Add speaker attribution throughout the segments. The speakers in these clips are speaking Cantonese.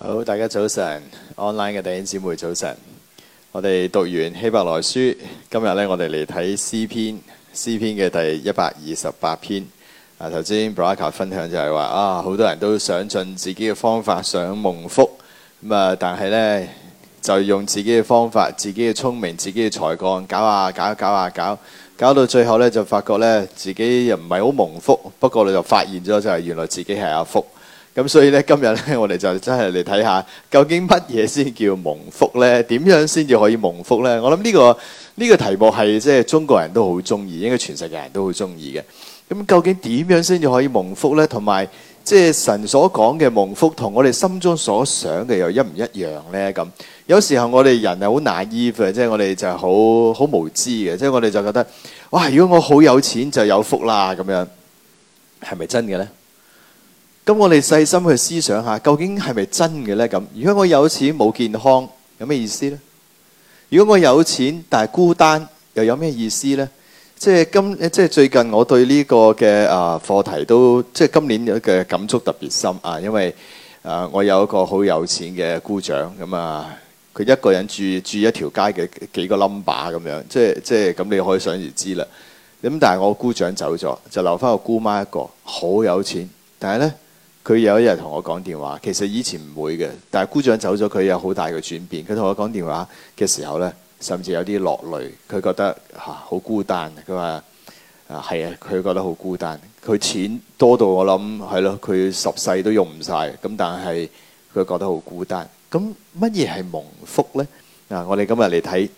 Speaker 1: 好，大家早晨，online 嘅弟兄姊妹早晨。我哋讀完希伯來書，今日咧我哋嚟睇詩篇，詩篇嘅第一百二十八篇。啊，頭先布拉 a 分享就係話啊，好多人都想盡自己嘅方法想蒙福，咁啊，但係咧就用自己嘅方法、自己嘅聰明、自己嘅才幹搞下搞啊搞啊搞，啊搞啊，搞到最後咧就發覺咧自己又唔係好蒙福，不過你就發現咗就係原來自己係阿福。咁所以咧，今日咧，我哋就真係嚟睇下究竟乜嘢先叫蒙福咧？點樣先至可以蒙福咧？我諗呢個呢個題目係即係中國人都好中意，應該全世界人都好中意嘅。咁究竟點樣先至可以蒙福咧？同埋即係神所講嘅蒙福，同我哋心中所想嘅又一唔一樣咧？咁有時候我哋人係好 naive，即係我哋就係好好無知嘅，即係我哋就覺得哇，如果我好有錢就有福啦，咁樣係咪真嘅咧？咁我哋細心去思想下，究竟係咪真嘅呢？咁如果我有錢冇健康，有咩意思呢？如果我有錢但係孤單，又有咩意思呢？即係今即係最近，我對呢個嘅啊課題都即係今年嘅感觸特別深啊，因為啊我有一個好有錢嘅姑丈咁啊，佢一個人住住一條街嘅幾個冧巴咁樣，即係即係咁，你可想而知啦。咁、啊、但係我姑丈走咗，就留翻我姑媽一個，好有錢，但係呢。佢有一日同我講電話，其實以前唔會嘅，但係姑丈走咗，佢有好大嘅轉變。佢同我講電話嘅時候呢，甚至有啲落淚。佢覺得嚇好、啊、孤單。佢話啊係啊，佢覺得好孤單。佢錢多到我諗係咯，佢十世都用唔晒。咁但係佢覺得好孤單。咁乜嘢係蒙福呢？啊，我哋今日嚟睇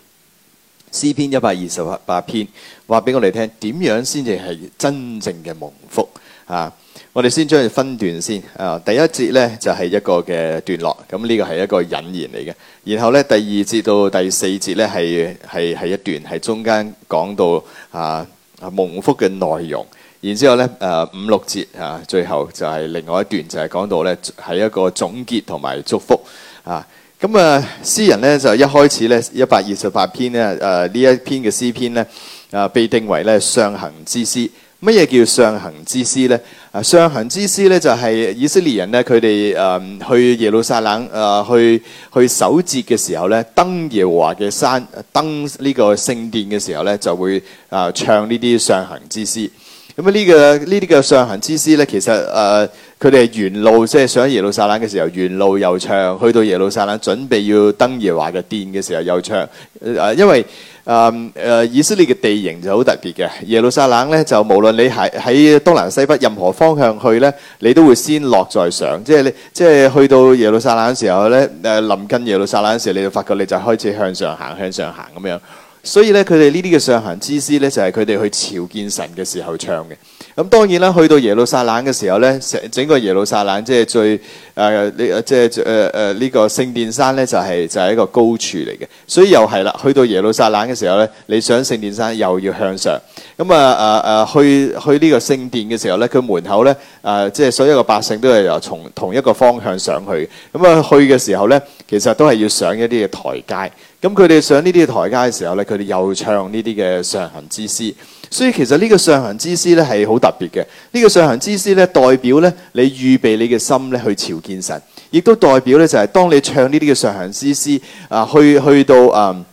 Speaker 1: 詩篇一百二十八篇，話俾我哋聽點樣先至係真正嘅蒙福啊！我哋先將佢分段先啊，第一節咧就係、是、一個嘅段落，咁、啊、呢、這個係一個引言嚟嘅。然後咧第二節到第四節咧係係係一段，係中間講到啊蒙福嘅內容。然之後咧誒、啊、五六節啊，最後就係另外一段，就係、是、講到咧係一個總結同埋祝福啊。咁啊詩人咧就一開始咧一百二十八篇咧誒呢、啊、一篇嘅詩篇咧啊被定為咧上行之詩。乜嘢叫上行之詩呢？啊，上行之詩呢，就係、是、以色列人咧，佢哋誒去耶路撒冷誒、呃、去去守節嘅時候呢，登耶和華嘅山，登呢個聖殿嘅時候呢，就會啊、呃、唱呢啲上行之詩。咁啊、這個，呢、這個呢啲嘅上行之詩呢，其實誒佢哋係沿路即係、就是、上喺耶路撒冷嘅時候，沿路又唱；去到耶路撒冷準備要登耶和華嘅殿嘅時候又唱。誒、呃，因為誒誒，um, uh, 以色列嘅地形就好特別嘅，耶路撒冷咧就無論你係喺東南西北任何方向去咧，你都會先落再上，即係你即係去到耶路撒冷嘅時候咧，誒臨近耶路撒冷嘅時候你就發覺你就開始向上行，向上行咁樣，所以咧佢哋呢啲嘅上行之詩咧就係佢哋去朝見神嘅時候唱嘅。咁當然啦，去到耶路撒冷嘅時候咧，成整個耶路撒冷即係最誒，呢即係誒誒呢個聖殿山咧，就係，就係就係一個高處嚟嘅。所以又係啦，去到耶路撒冷嘅時候咧，你上聖殿山又要向上。咁啊啊啊去去呢個聖殿嘅時候咧，佢門口咧啊，即、呃、係、就係、所有嘅百姓都係由從同一個方向上去。咁啊去嘅時候咧，其實都係要上一啲嘅台階。咁佢哋上呢啲嘅台階嘅時候咧，佢哋又唱呢啲嘅上行之詩。所以其實呢個上行之詩咧係好特別嘅，呢、呢個上行之詩咧代表咧你預備你嘅心咧去朝見神，亦都代表咧就係當你唱呢啲嘅上行之詩啊，去去到啊、嗯、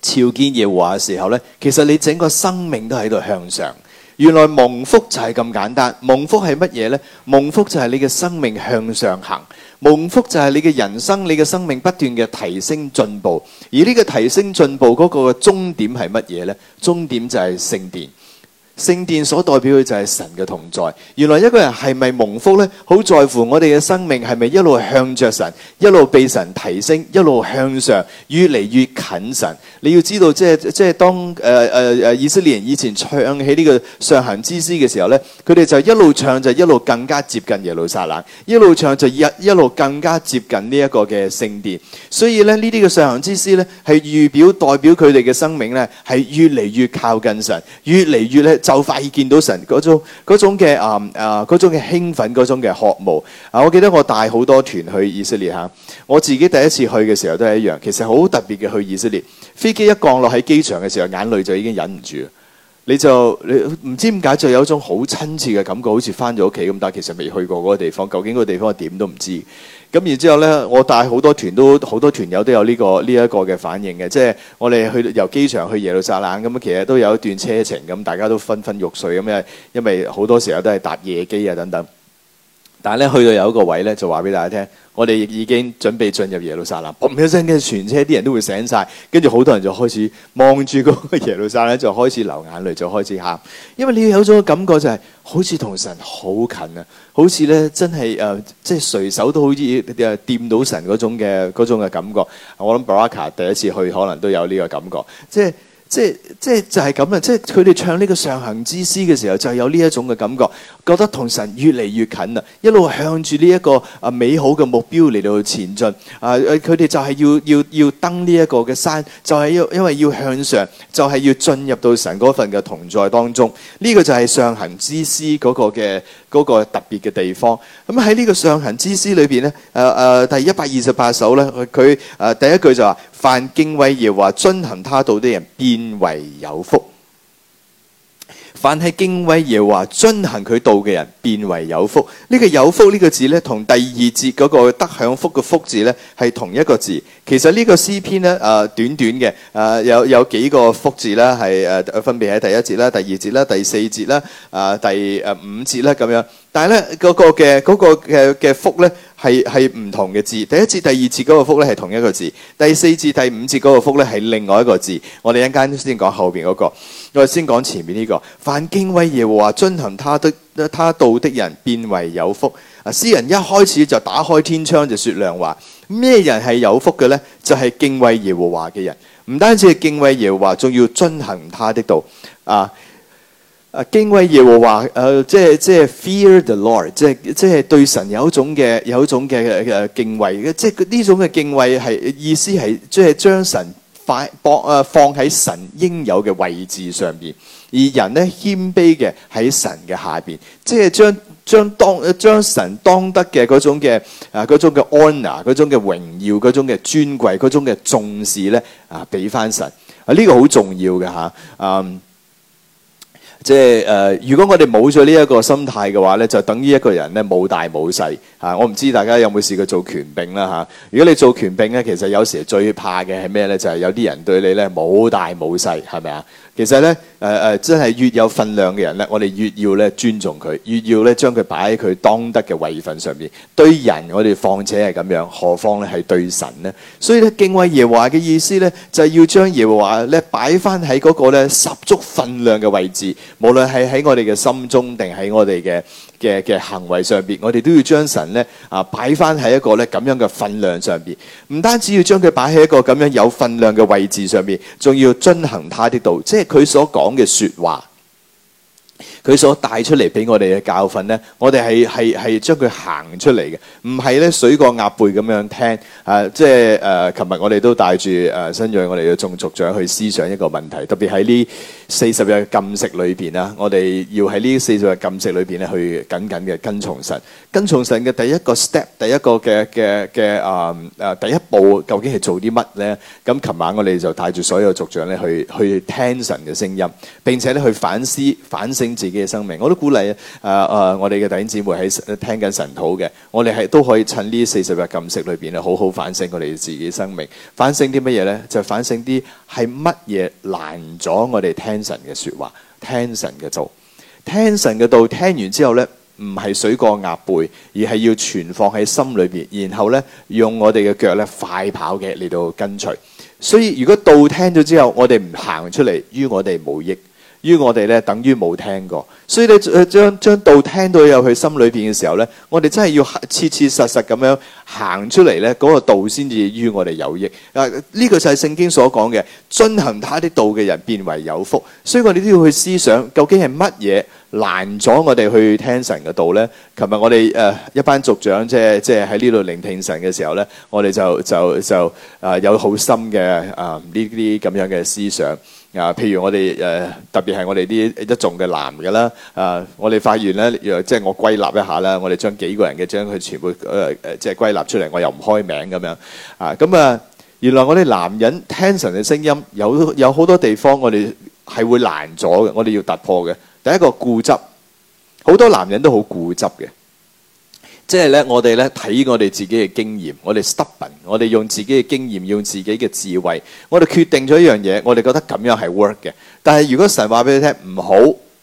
Speaker 1: 朝見耶和華嘅時候咧，其實你整個生命都喺度向上。原來蒙福就係咁簡單，蒙福係乜嘢呢？蒙福就係你嘅生命向上行，蒙福就係你嘅人生、你嘅生命不斷嘅提升進步，而呢個提升進步嗰個終點係乜嘢呢？終點就係聖殿。聖殿所代表嘅就係神嘅同在。原來一個人係咪蒙福呢？好在乎我哋嘅生命係咪一路向着神，一路被神提升，一路向上，越嚟越近神。你要知道，即係即係當誒誒誒以色列人以前唱起呢個上行之詩嘅時候呢，佢哋就一路唱，就一路更加接近耶路撒冷，一路唱就一一路更加接近呢一個嘅聖殿。所以呢，呢啲嘅上行之詩呢，係預表代表佢哋嘅生命呢，係越嚟越靠近神，越嚟越咧。就快見到神嗰種嘅啊啊嗰種嘅興奮嗰種嘅渴慕啊！我記得我帶好多團去以色列嚇、啊，我自己第一次去嘅時候都係一樣，其實好特別嘅去以色列。飛機一降落喺機場嘅時候，眼淚就已經忍唔住，你就你唔知點解就有一種好親切嘅感覺，好似翻咗屋企咁，但係其實未去過嗰個地方，究竟嗰個地方我點都唔知。咁然之後咧，我帶好多團都好多團友都有呢個呢一個嘅反應嘅。即係我哋去由機場去耶路撒冷，咁其實都有一段車程咁，大家都昏昏欲睡咁啊，因為好多時候都係搭夜機啊等等。但咧去到有一個位咧，就話俾大家聽，我哋已經準備進入耶路撒冷，嘣一聲嘅全車啲人都會醒晒。跟住好多人就開始望住嗰個耶路撒冷，就開始流眼淚，就開始喊，因為你有咗個感覺就係好似同神好近啊，好似咧真係誒、呃，即係隨手都好似誒掂到神嗰種嘅嗰種嘅感覺。我諗 Baraka、er、第一次去可能都有呢個感覺，即係。即係即係就係咁啦！即係佢哋唱呢個上行之詩嘅時候，就有呢一種嘅感覺，覺得同神越嚟越近啦，一路向住呢一個啊美好嘅目標嚟到去前進啊！佢哋就係要要要登呢一個嘅山，就係要因因為要向上，就係要進入到神嗰份嘅同在當中。呢個就係上行之詩嗰個嘅。嗰個特別嘅地方，咁喺呢個上行之詩裏面呢，誒、呃、誒第一百二十八首呢，佢誒、呃、第一句就話：凡敬畏耶和華、遵行他道的人，便為有福。凡係敬畏耶華，遵行佢道嘅人，變為有福。呢個有福呢個字咧，同第二節嗰個得享福嘅福字咧，係同一個字。其實呢個詩篇咧，誒，短短嘅，誒，有有幾個福字啦，係誒分別喺第一節啦、第二節啦、第四節啦、啊第誒五節啦咁樣。但係咧，嗰個嘅嗰個嘅嘅福咧。係係唔同嘅字，第一節第二節嗰個福咧係同一個字，第四節第五節嗰個福咧係另外一個字。我哋一陣間先講後邊嗰、那個，我哋先講前面呢、這個。凡敬畏耶和華、遵行他的他道的人，變為有福。啊！詩人一開始就打開天窗就說、是、亮話，咩人係有福嘅呢？就係、是、敬畏耶和華嘅人，唔單止係敬畏耶和華，仲要遵行他的道啊！啊，敬畏耶和華，誒、呃，即係即係 fear the Lord，即係即係對神有一種嘅有一種嘅誒、啊、敬畏嘅，即係呢種嘅敬畏係意思係即係將神放誒放喺神應有嘅位置上邊，而人咧謙卑嘅喺神嘅下邊，即係將將當將神當得嘅嗰種嘅誒嗰種嘅 honour 嗰種嘅榮耀、嗰種嘅尊貴、嗰種嘅重視咧啊俾翻神啊呢、這個好重要嘅吓、啊，嗯。即係誒、呃，如果我哋冇咗呢一個心態嘅話咧，就等於一個人咧冇大冇細嚇。我唔知大家有冇試過做權柄啦嚇、啊。如果你做權柄咧，其實有時最怕嘅係咩咧？就係、是、有啲人對你咧冇大冇細，係咪啊？其實咧，誒、呃、誒，真係越有份量嘅人咧，我哋越要咧尊重佢，越要咧將佢擺喺佢當得嘅位份上面。對人，我哋況且係咁樣，何況咧係對神呢？所以咧，敬畏耶華嘅意思咧，就係、是、要將耶華咧擺翻喺嗰個咧十足份量嘅位置，無論係喺我哋嘅心中定喺我哋嘅，嘅嘅行為上面，我哋都要將神咧啊擺返喺一個咧咁樣嘅份量上面，唔單止要將佢擺喺一個咁樣有份量嘅位置上面，仲要遵行他的道，即係佢所講嘅説話，佢所帶出嚟俾我哋嘅教訓咧，我哋係係係將佢行出嚟嘅，唔係咧水過鴨背咁樣聽。誒、啊，即係誒，琴、啊、日我哋都帶住誒、啊、新約我哋嘅眾族長去思想一個問題，特別喺呢。四十日禁食裏邊啦，我哋要喺呢四十日禁食裏邊咧，去緊緊嘅跟從神。跟從神嘅第一個 step，第一個嘅嘅嘅啊啊，第一步究竟係做啲乜咧？咁琴晚我哋就帶住所有族長咧，去去聽神嘅聲音，並且咧去反思反省自己嘅生命。我都鼓勵啊啊、呃，我哋嘅弟兄姊妹喺聽緊神土嘅，我哋係都可以趁呢四十日禁食裏邊咧，好好反省我哋自己嘅生命。反省啲乜嘢咧？就反省啲。係乜嘢難咗我哋聽神嘅説話，聽神嘅做，聽神嘅道？聽完之後呢，唔係水過鴨背，而係要存放喺心裏邊，然後呢，用我哋嘅腳呢，快跑嘅嚟到跟隨。所以如果道聽咗之後，我哋唔行出嚟，於我哋冇益。於我哋咧，等於冇聽過，所以咧，將將道聽到入去心裏邊嘅時候咧，我哋真係要切切實實咁樣行出嚟咧，嗰、那個道先至於我哋有益。啊，呢、這個就係聖經所講嘅，遵行他啲道嘅人，變為有福。所以我哋都要去思想，究竟係乜嘢難阻我哋去聽神嘅道咧？琴日我哋誒、啊、一班族長即係即係喺呢度聆聽神嘅時候咧，我哋就就就，就啊有好深嘅啊呢啲咁樣嘅思想。啊，譬如我哋誒，特別係我哋啲一眾嘅男嘅啦，啊，我哋發現咧，若即係我歸納一下啦，我哋將幾個人嘅將佢全部誒誒，即係歸納出嚟，我又唔開名咁樣，啊，咁啊，原來我哋男人聽神嘅聲音，有有好多地方我哋係會難咗嘅，我哋要突破嘅。第一個，固執，好多男人都好固執嘅。即係咧，我哋咧睇我哋自己嘅經驗，我哋 stubborn，我哋用自己嘅經驗，用自己嘅智慧，我哋決定咗一樣嘢，我哋覺得咁樣係 work 嘅。但係如果神話俾你聽唔好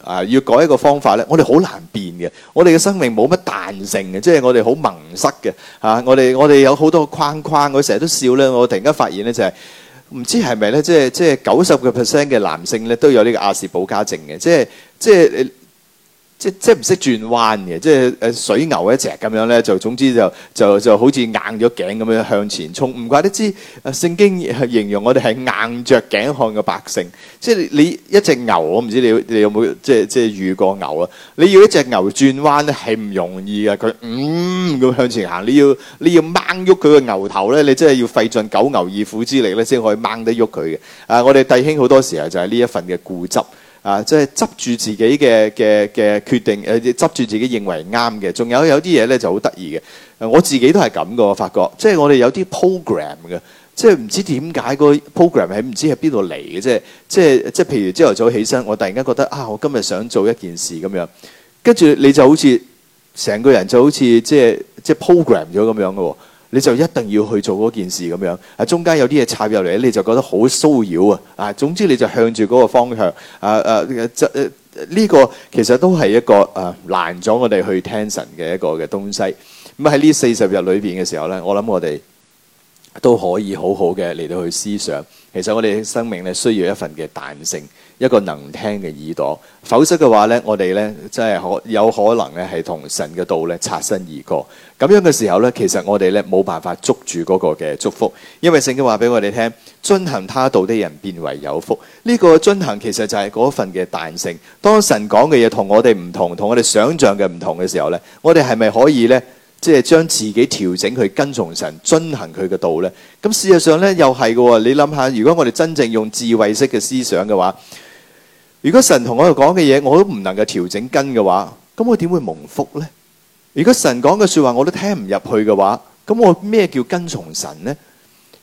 Speaker 1: 啊，要改一個方法咧，我哋好難變嘅。我哋嘅生命冇乜彈性嘅，即係我哋好矇塞嘅嚇，啊。我哋我哋有好多框框，我成日都笑咧。我突然間發現咧就係、是，唔知係咪咧？即係即係九十個 percent 嘅男性咧都有呢個亞氏保加症嘅，即係即係。就是即即唔識轉彎嘅，即誒水牛一隻咁樣咧，就總之就就就好似硬咗頸咁樣向前衝，唔怪得知誒、啊、聖經形容我哋係硬着頸項嘅百姓。即你一隻牛，我唔知你你有冇即即，即遇過牛啊？你要一隻牛轉彎咧，係唔容易嘅。佢嗯咁向前行，你要你要掹喐佢嘅牛頭咧，你真係要費盡九牛二虎之力咧，先可以掹得喐佢嘅。啊，我哋弟兄好多時候就係呢一份嘅固執。啊！即係執住自己嘅嘅嘅決定，誒執住自己認為啱嘅。仲有有啲嘢咧就好得意嘅。我自己都係咁個，我發覺即係我哋有啲 program 嘅，即係唔知點解個 program 喺唔知喺邊度嚟嘅啫。即係即係譬如朝頭早起身，我突然間覺得啊，我今日想做一件事咁樣，跟住你就好似成個人就好似即係即係 program 咗咁樣嘅喎。你就一定要去做嗰件事咁樣，啊中間有啲嘢插入嚟，你就覺得好騷擾啊！啊，總之你就向住嗰個方向，啊啊，呢、啊呢個其實都係一個啊難咗我哋去聽神嘅一個嘅東西。咁喺呢四十日裏邊嘅時候呢，我諗我哋都可以好好嘅嚟到去思想。其實我哋生命咧需要一份嘅彈性。一個能聽嘅耳朵，否則嘅話呢，我哋呢真係可有可能咧係同神嘅道呢擦身而過。咁樣嘅時候呢，其實我哋呢冇辦法捉住嗰個嘅祝福，因為聖經話俾我哋聽，遵行祂道的人變為有福。呢個遵行其實就係嗰份嘅彈性。當神講嘅嘢同我哋唔同，同我哋想象嘅唔同嘅時候呢，我哋係咪可以呢？即係將自己調整去跟從神，遵行佢嘅道呢？咁事實上呢，又係嘅喎。你諗下，如果我哋真正用智慧式嘅思想嘅話，如果神同我哋講嘅嘢我都唔能夠調整跟嘅話，咁我點會蒙福呢？如果神講嘅說話我都聽唔入去嘅話，咁我咩叫跟從神呢？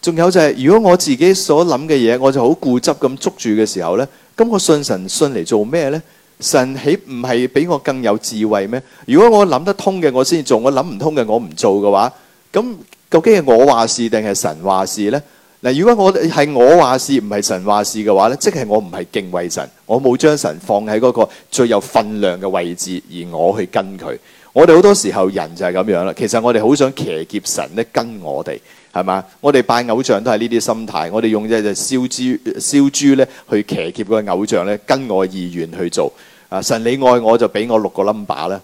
Speaker 1: 仲有就係，如果我自己所諗嘅嘢，我就好固執咁捉住嘅時候呢，咁我信神信嚟做咩呢？神豈唔係比我更有智慧咩？如果我諗得通嘅我先做，我諗唔通嘅我唔做嘅話，咁究竟係我話事定係神話事呢？嗱，如果我係我話事，唔係神話事嘅話咧，即係我唔係敬畏神，我冇將神放喺嗰個最有分量嘅位置，而我去跟佢。我哋好多時候人就係咁樣啦。其實我哋好想騎劫神咧，跟我哋係嘛？我哋拜偶像都係呢啲心態。我哋用一隻燒豬燒豬咧，去騎劫個偶像咧，跟我嘅意願去做。啊，神你愛我就俾我六個 number 啦，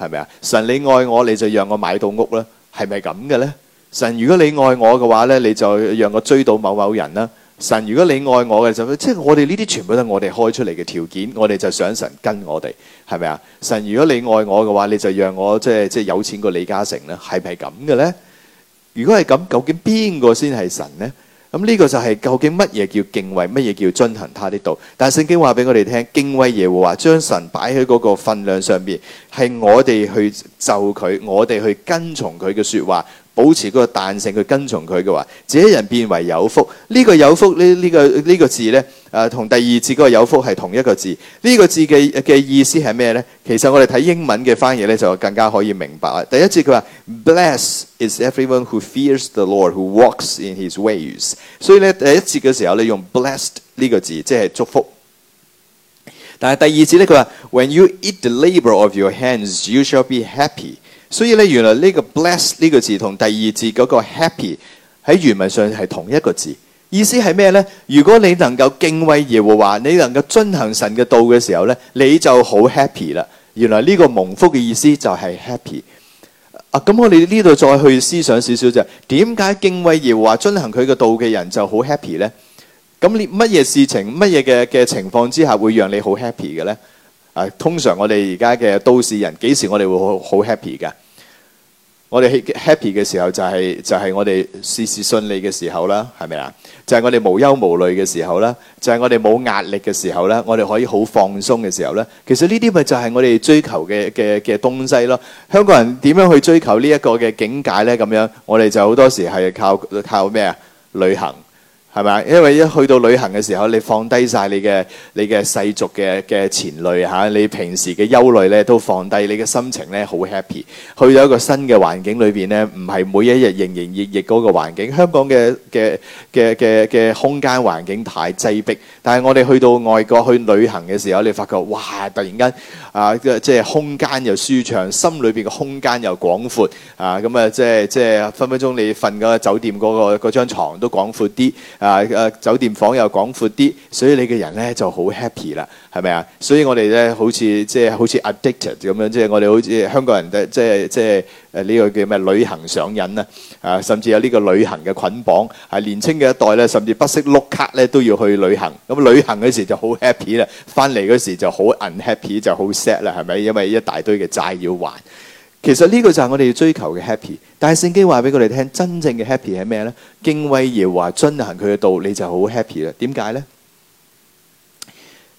Speaker 1: 係咪啊？神你愛我你就讓我買到屋啦，係咪咁嘅咧？神，如果你愛我嘅話咧，你就讓我追到某某人啦。神，如果你愛我嘅就即係，我哋呢啲全部都係我哋開出嚟嘅條件，我哋就想神跟我哋係咪啊？神，如果你愛我嘅話，你就讓我即係即係有錢過李嘉誠咧，係咪係咁嘅咧？如果係咁，究竟邊個先係神呢？咁、嗯、呢、呢個就係究竟乜嘢叫敬畏，乜嘢叫遵行他嘅道？但係聖經話俾我哋聽，敬畏耶和華，將神擺喺嗰個分量上邊，係我哋去就佢，我哋去跟從佢嘅說話，保持個彈性去跟從佢嘅話，這人變為有福。呢、這個有福呢呢、這個呢、這個字呢，誒、呃、同第二節嗰個有福係同一個字。呢、這個字嘅嘅、這個、意思係咩呢？其實我哋睇英文嘅翻譯呢，就更加可以明白。第一節佢話：Blessed is everyone who fears the Lord who walks in His ways。所以呢，第一節嘅時候，你用 blessed 呢個字，即係祝福。但係第二節呢，佢話：When you eat the labour of your hands, you shall be happy。所以咧，原來呢個 bless 呢個字同第二字嗰個 happy 喺原文上係同一個字，意思係咩呢？如果你能夠敬畏耶和華，你能夠遵行神嘅道嘅時候呢，你就好 happy 啦。原來呢個蒙福嘅意思就係 happy。啊，咁我哋呢度再去思想少少就係點解敬畏耶和華遵行佢嘅道嘅人就好 happy 呢？咁你乜嘢事情，乜嘢嘅嘅情況之下會讓你好 happy 嘅呢？啊，通常我哋而家嘅都市人，幾時我哋會好好 happy 嘅？我哋 happy 嘅時候就係就係我哋事事順利嘅時候啦，係咪啊？就係我哋無憂無慮嘅時候啦，就係我哋冇壓力嘅時候啦，我哋可以好放鬆嘅時候啦。其實呢啲咪就係我哋追求嘅嘅嘅東西咯。香港人點樣去追求呢一個嘅境界咧？咁樣我哋就好多時係靠靠咩啊？旅行。係咪？因為一去到旅行嘅時候，你放低晒你嘅你嘅世俗嘅嘅前慮嚇、啊，你平時嘅憂慮咧都放低，你嘅心情咧好 happy。去到一個新嘅環境裏邊咧，唔係每一日營營役役嗰個環境。香港嘅嘅嘅嘅嘅空間環境太擠迫，但係我哋去到外國去旅行嘅時候，你發覺哇，突然間～啊，啊！即即空間又舒暢，心裏面嘅空間又廣闊啊！咁啊，即即分分鐘你瞓嗰個酒店嗰、嗰個嗰張、嗰個、床都廣闊啲啊！誒、啊，酒店房又廣闊啲，所以你嘅人呢就好 happy 啦～係咪啊？所以我哋咧好似即係好似 addicted 咁樣，即係我哋好似香港人嘅即係即係誒呢個叫咩旅行上癮啊！啊，甚至有呢個旅行嘅捆綁。係、啊、年輕嘅一代咧，甚至不惜碌卡咧都要去旅行。咁、嗯、旅行嗰時就好 happy 啦，翻嚟嗰時就好 unhappy，就好 sad 啦，係咪？因為一大堆嘅債要還。其實呢個就係我哋要追求嘅 happy。但係聖經話俾佢哋聽，真正嘅 happy 係咩咧？敬畏耶和華遵行佢嘅道，你就好 happy 啦。點解咧？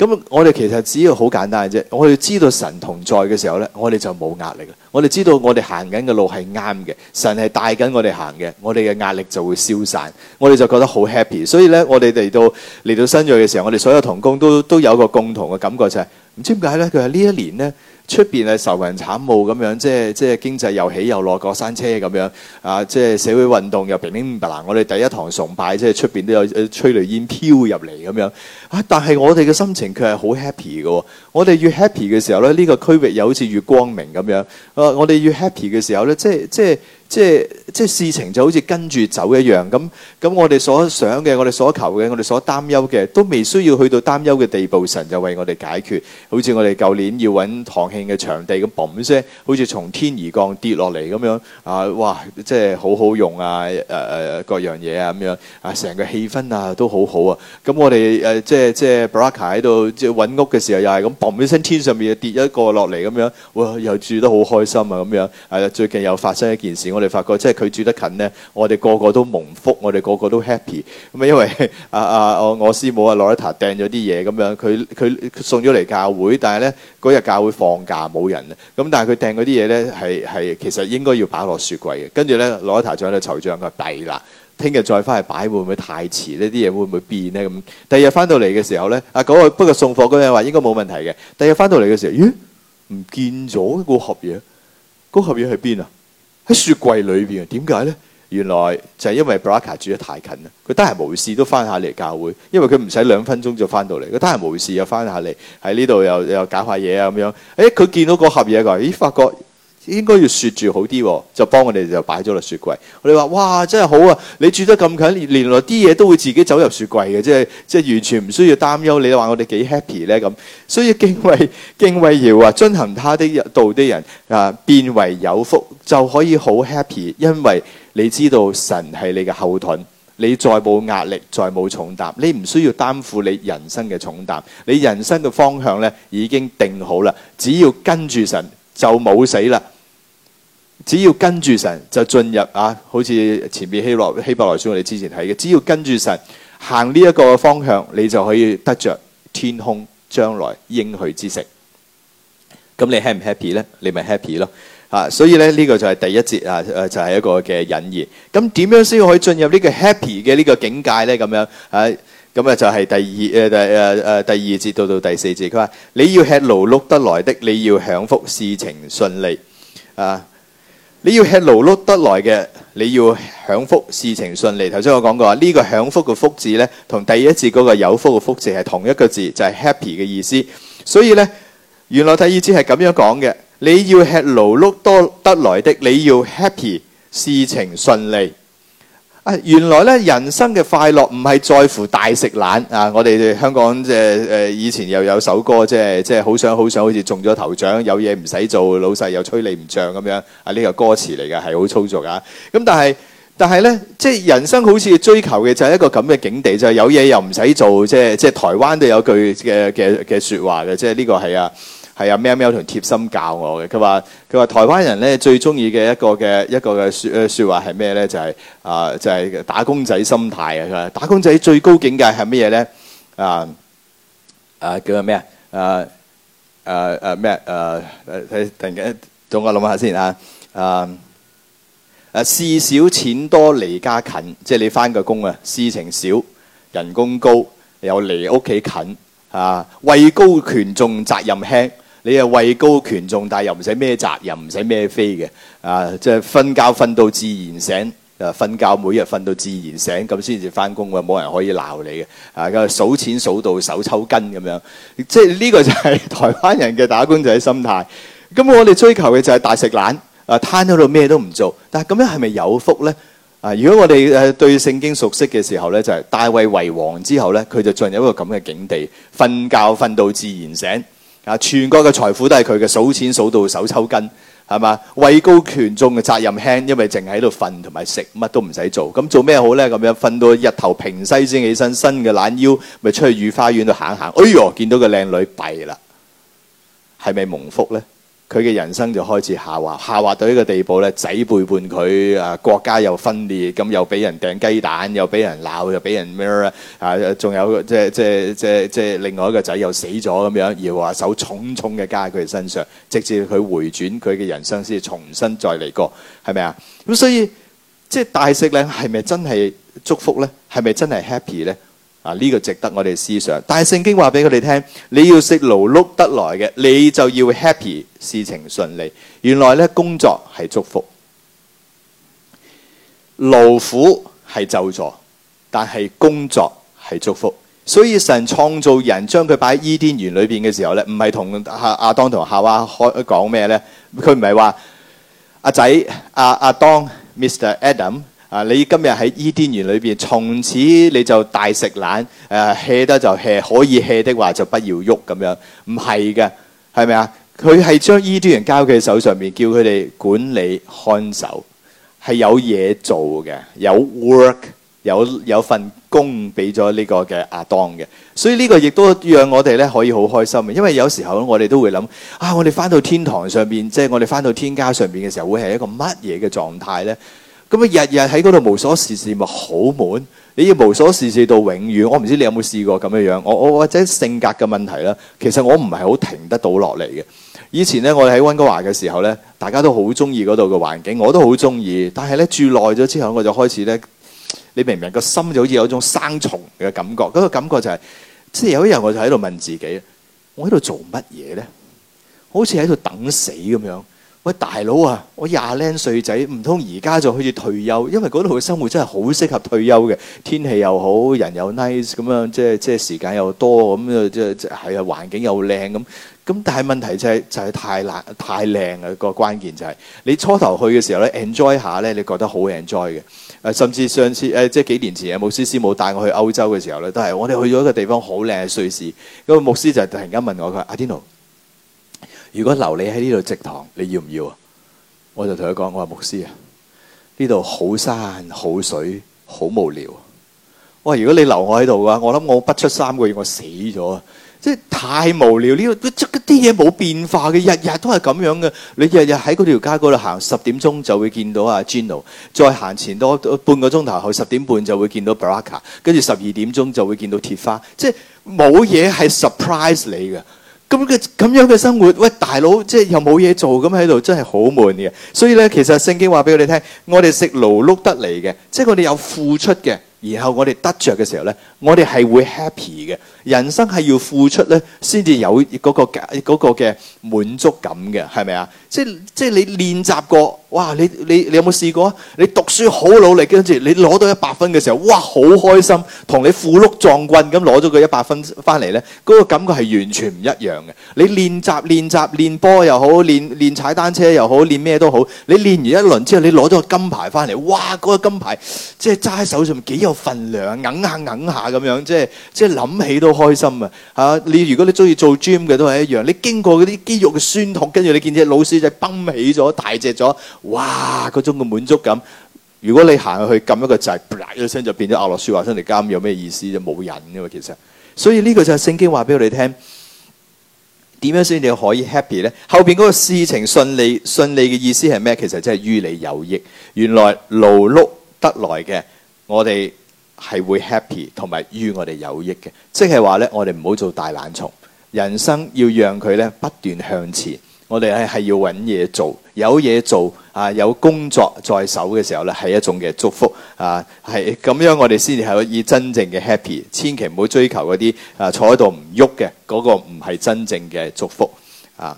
Speaker 1: 咁我哋其實只要好簡單嘅啫，我哋知道神同在嘅時候咧，我哋就冇壓力嘅。我哋知道我哋行緊嘅路係啱嘅，神係帶緊我哋行嘅，我哋嘅壓力就會消散，我哋就覺得好 happy。所以咧，我哋嚟到嚟到新 Zealand 嘅時候，我哋所有同工都都有個共同嘅感覺就係、是、唔知點解咧，佢喺呢一年咧。出邊係愁雲慘霧咁樣，即係即係經濟又起又落過山車咁樣，啊！即係社會運動又乒乒乓乓。我哋第一堂崇拜，即係出邊都有誒催淚煙飄入嚟咁樣。啊！但係我哋嘅心情卻係好 happy 嘅。我哋越 happy 嘅時候咧，呢個區域又好似越光明咁樣。誒、啊，我哋越 happy 嘅時候咧，即係即係。即係即係事情就好似跟住走一樣，咁咁，我哋所想嘅、我哋所求嘅、我哋所擔憂嘅，都未需要去到擔憂嘅地步，神就為我哋解決，好似我哋舊年要揾唐慶嘅場地咁，嘣一聲好似從天而降跌落嚟咁樣啊！哇，即係好好用啊！誒、啊、誒各樣嘢啊咁樣啊，成個氣氛啊都好好啊！咁我哋誒、啊、即係即係布拉卡喺度即係揾屋嘅時候，又係咁嘣一聲天上面又跌一個落嚟咁樣哇！又住得好開心啊咁樣，係啊，最近又發生一件事我哋發覺，即係佢住得近咧，我哋個個都蒙福，我哋個個都 happy 咁啊！因為啊啊，我師母啊，露一塔訂咗啲嘢咁樣，佢佢送咗嚟教會，但係咧，嗰日教會放假冇人咁，但係佢訂嗰啲嘢咧，係係其實應該要擺落雪櫃嘅。跟住咧，露一塔上到籌帳佢話弊啦，聽日再翻嚟擺會唔會太遲呢？啲嘢會唔會變咧？咁第二日翻到嚟嘅時候咧，啊、嗰、那個不過送貨嗰個人話應該冇問題嘅。第二日翻到嚟嘅時候，咦，唔見咗個盒嘢，個盒嘢喺邊啊？喺雪櫃裏邊啊？點解咧？原來就係因為 Braca 住得太近啦。佢得閒無事都翻下嚟教會，因為佢唔使兩分鐘就翻到嚟。佢得閒無事又翻下嚟喺呢度又又搞下嘢啊咁樣。誒、哎，佢見到個盒嘢，佢話：咦，發覺應該要雪住好啲，就幫我哋就擺咗落雪櫃。我哋話：哇，真係好啊！你住得咁近，連嚟啲嘢都會自己走入雪櫃嘅，即係即係完全唔需要擔憂。你都話我哋幾 happy 咧咁。所以敬畏敬畏謠啊，遵行他的道的人啊，變為有福。就可以好 happy，因為你知道神係你嘅後盾，你再冇壓力，再冇重擔，你唔需要擔負你人生嘅重擔，你人生嘅方向咧已經定好啦，只要跟住神就冇死啦，只要跟住神就進入啊，好似前面希羅希伯來書我哋之前睇嘅，只要跟住神行呢一個方向，你就可以得着天空將來應許之城。咁你 happy 唔 happy 呢？你咪 happy 咯。啊，所以咧呢個就係第一節啊，誒就係一個嘅引言。咁點樣先可以進入呢個 happy 嘅呢個境界咧？咁樣誒咁啊，就係第二誒誒誒第二節到到第四節。佢話你要吃勞碌得來的，你要享福事情順利啊。你要吃勞碌得來嘅，你要享福，事情順利。頭先我講過啊，呢個享福嘅福字咧，同第一節嗰個有福嘅福字係同一個字，就係 happy 嘅意思。所以咧，原來第二節係咁樣講嘅。你要吃勞碌多得來的，你要 happy 事情順利啊！原來咧，人生嘅快樂唔係在乎大食懶啊！我哋香港即係誒以前又有首歌，即係即係好想好想好似中咗頭獎，有嘢唔使做，老細又催你唔漲咁樣啊！呢個歌詞嚟㗎，係好粗俗啊！咁但係但係咧，即係人生好似追求嘅就係一個咁嘅境地，就係有嘢又唔使做，即係即係台灣都有句嘅嘅嘅説話嘅，即係呢個係啊。係阿喵喵同貼心教我嘅，佢話佢話台灣人咧最中意嘅一個嘅一個嘅説説話係咩咧？就係、是、啊、呃、就係、是、打工仔心態啊！佢話打工仔最高境界係乜嘢咧？啊啊叫咩啊？誒誒誒咩啊？誒睇突然間，等我諗下先嚇啊！誒、啊啊、事少錢多離家近，即係你返個工啊，事情少，人工高，又離屋企近啊。位高權重責任輕。你又位高權重但又唔使咩責任，唔使咩飛嘅，啊！即係瞓覺瞓到自然醒，啊！瞓覺每日瞓到自然醒，咁先至翻工，冇人可以鬧你嘅，啊！咁、啊、數錢數到手抽筋咁樣，即係呢個就係台灣人嘅打工仔心態。咁我哋追求嘅就係大食懶，啊，攤喺度咩都唔做。但係咁樣係咪有福咧？啊！如果我哋誒對聖經熟悉嘅時候咧，就係、是、大衛為王之後咧，佢就進入一個咁嘅境地，瞓覺瞓到自然醒。啊！全國嘅財富都係佢嘅，數錢數到手抽筋，係嘛？位高權重嘅責任輕，因為淨係喺度瞓同埋食，乜都唔使做。咁做咩好咧？咁樣瞓到日頭平西先起身，伸個懶腰，咪出去御花園度行行。哎呦，見到個靚女，弊啦，係咪蒙福咧？佢嘅人生就開始下滑，下滑到呢個地步咧，仔背叛佢啊，國家又分裂，咁又俾人掟雞蛋，又俾人鬧，又俾人咩咧啊？仲有即係即係即係即係另外一個仔又死咗咁樣，而話手重重嘅加喺佢身上，直至佢回轉佢嘅人生先重新再嚟過，係咪啊？咁所以即係大食咧，係咪真係祝福咧？係咪真係 happy 咧？啊！呢個值得我哋思想，但係聖經話俾我哋聽，你要食勞碌得來嘅，你就要 happy，事情順利。原來咧，工作係祝福，勞苦係咒詛，但係工作係祝福。所以神創造人，將佢擺喺伊甸園裏邊嘅時候咧，唔係同阿當同夏娃開講咩咧？佢唔係話阿仔阿阿當 Mr. Adam。啊！你今日喺伊甸園裏邊，從此你就大食懶，誒，hea 得就 hea，可以 hea 的話就不要喐咁樣，唔係嘅，係咪啊？佢係將伊甸園交佢手上面，叫佢哋管理看守，係有嘢做嘅，有 work，有有份工俾咗呢個嘅阿當嘅，所以呢個亦都讓我哋咧可以好開心，因為有時候我哋都會諗啊，我哋翻到天堂上邊，即係我哋翻到天家上邊嘅時候，會係一個乜嘢嘅狀態咧？咁日日喺嗰度無所事事咪好悶。你要無所事事到永遠，我唔知你有冇試過咁樣樣。我我或者性格嘅問題啦，其實我唔係好停得到落嚟嘅。以前咧，我哋喺溫哥華嘅時候咧，大家都好中意嗰度嘅環境，我都好中意。但係咧住耐咗之後，我就開始咧，你明唔明個心就好似有一種生蟲嘅感覺。嗰、那個感覺就係、是，即係有一日我就喺度問自己，我喺度做乜嘢咧？好似喺度等死咁樣。喂，大佬啊！我廿零歲仔，唔通而家就開始退休？因為嗰度嘅生活真係好適合退休嘅，天氣又好，人又 nice 咁樣！即係即係時間又多咁樣！即係即係係啊，環境又靚咁。咁但係問題就係就係太難太靚啊！個關鍵就係你初頭去嘅時候咧，enjoy 下咧，你覺得好 enjoy 嘅。誒，甚至上次誒即係幾年前啊，牧師師母帶我去歐洲嘅時候咧，都係我哋去咗一個地方好靚嘅瑞士。個牧師就突然間問我，佢話 a 如果留你喺呢度植堂，你要唔要啊？我就同佢講，我話牧師啊，呢度好山好水，好無聊。我話如果你留我喺度嘅話，我諗我不出三個月我死咗，即係太無聊。呢啲嘢冇變化嘅，日日都係咁樣嘅。你日日喺嗰條街嗰度行，十點鐘就會見到阿 Gino，再行前多半個鐘頭後，十點半就會見到 Baraka，跟住十二點鐘就會見到鐵花，即係冇嘢係 surprise 你嘅。咁嘅咁樣嘅生活，喂大佬，即又冇嘢做咁喺度，真係好悶嘅。所以咧，其實聖經話俾我哋聽，我哋食勞碌得嚟嘅，即係我哋有付出嘅。然後我哋得着嘅時候咧，我哋係會 happy 嘅。人生係要付出咧，先至有嗰個嗰個嘅滿足感嘅，係咪啊？即係即係你練習過哇！你你你有冇試過啊？你讀書好努力跟住，你攞到一百分嘅時候，哇！好開心，同你富碌撞棍咁攞咗個一百分翻嚟咧，嗰個感覺係完全唔一樣嘅。你練習練習練習練波又好，練練踩單車又好，練咩都好，你練完一輪之後你攞咗個金牌翻嚟，哇！個金牌即係揸喺手上幾。分量，掹下掹下咁樣，即係即係諗起都開心啊！吓、啊，你如果你中意做 gym 嘅都係一樣，你經過嗰啲肌肉嘅酸痛，跟住你見隻老鼠就繃起咗，大隻咗，哇！嗰種嘅滿足感。如果你行去撳一個掣，嗙一聲就變咗阿諾舒華辛尼加，有咩意思就冇癮噶嘛，其實、啊。所以呢個就係聖經話俾我哋聽，點樣先至可以 happy 咧？後邊嗰個事情順利，順利嘅意思係咩？其實真係於你有益。原來勞碌得來嘅，我哋。係會 happy 同埋於我哋有益嘅，即係話呢，我哋唔好做大懶蟲。人生要讓佢呢不斷向前。我哋呢係要揾嘢做，有嘢做啊，有工作在手嘅時候呢，係一種嘅祝福啊。係咁樣，我哋先至係可以真正嘅 happy。千祈唔好追求嗰啲啊坐喺度唔喐嘅嗰個，唔係真正嘅祝福啊。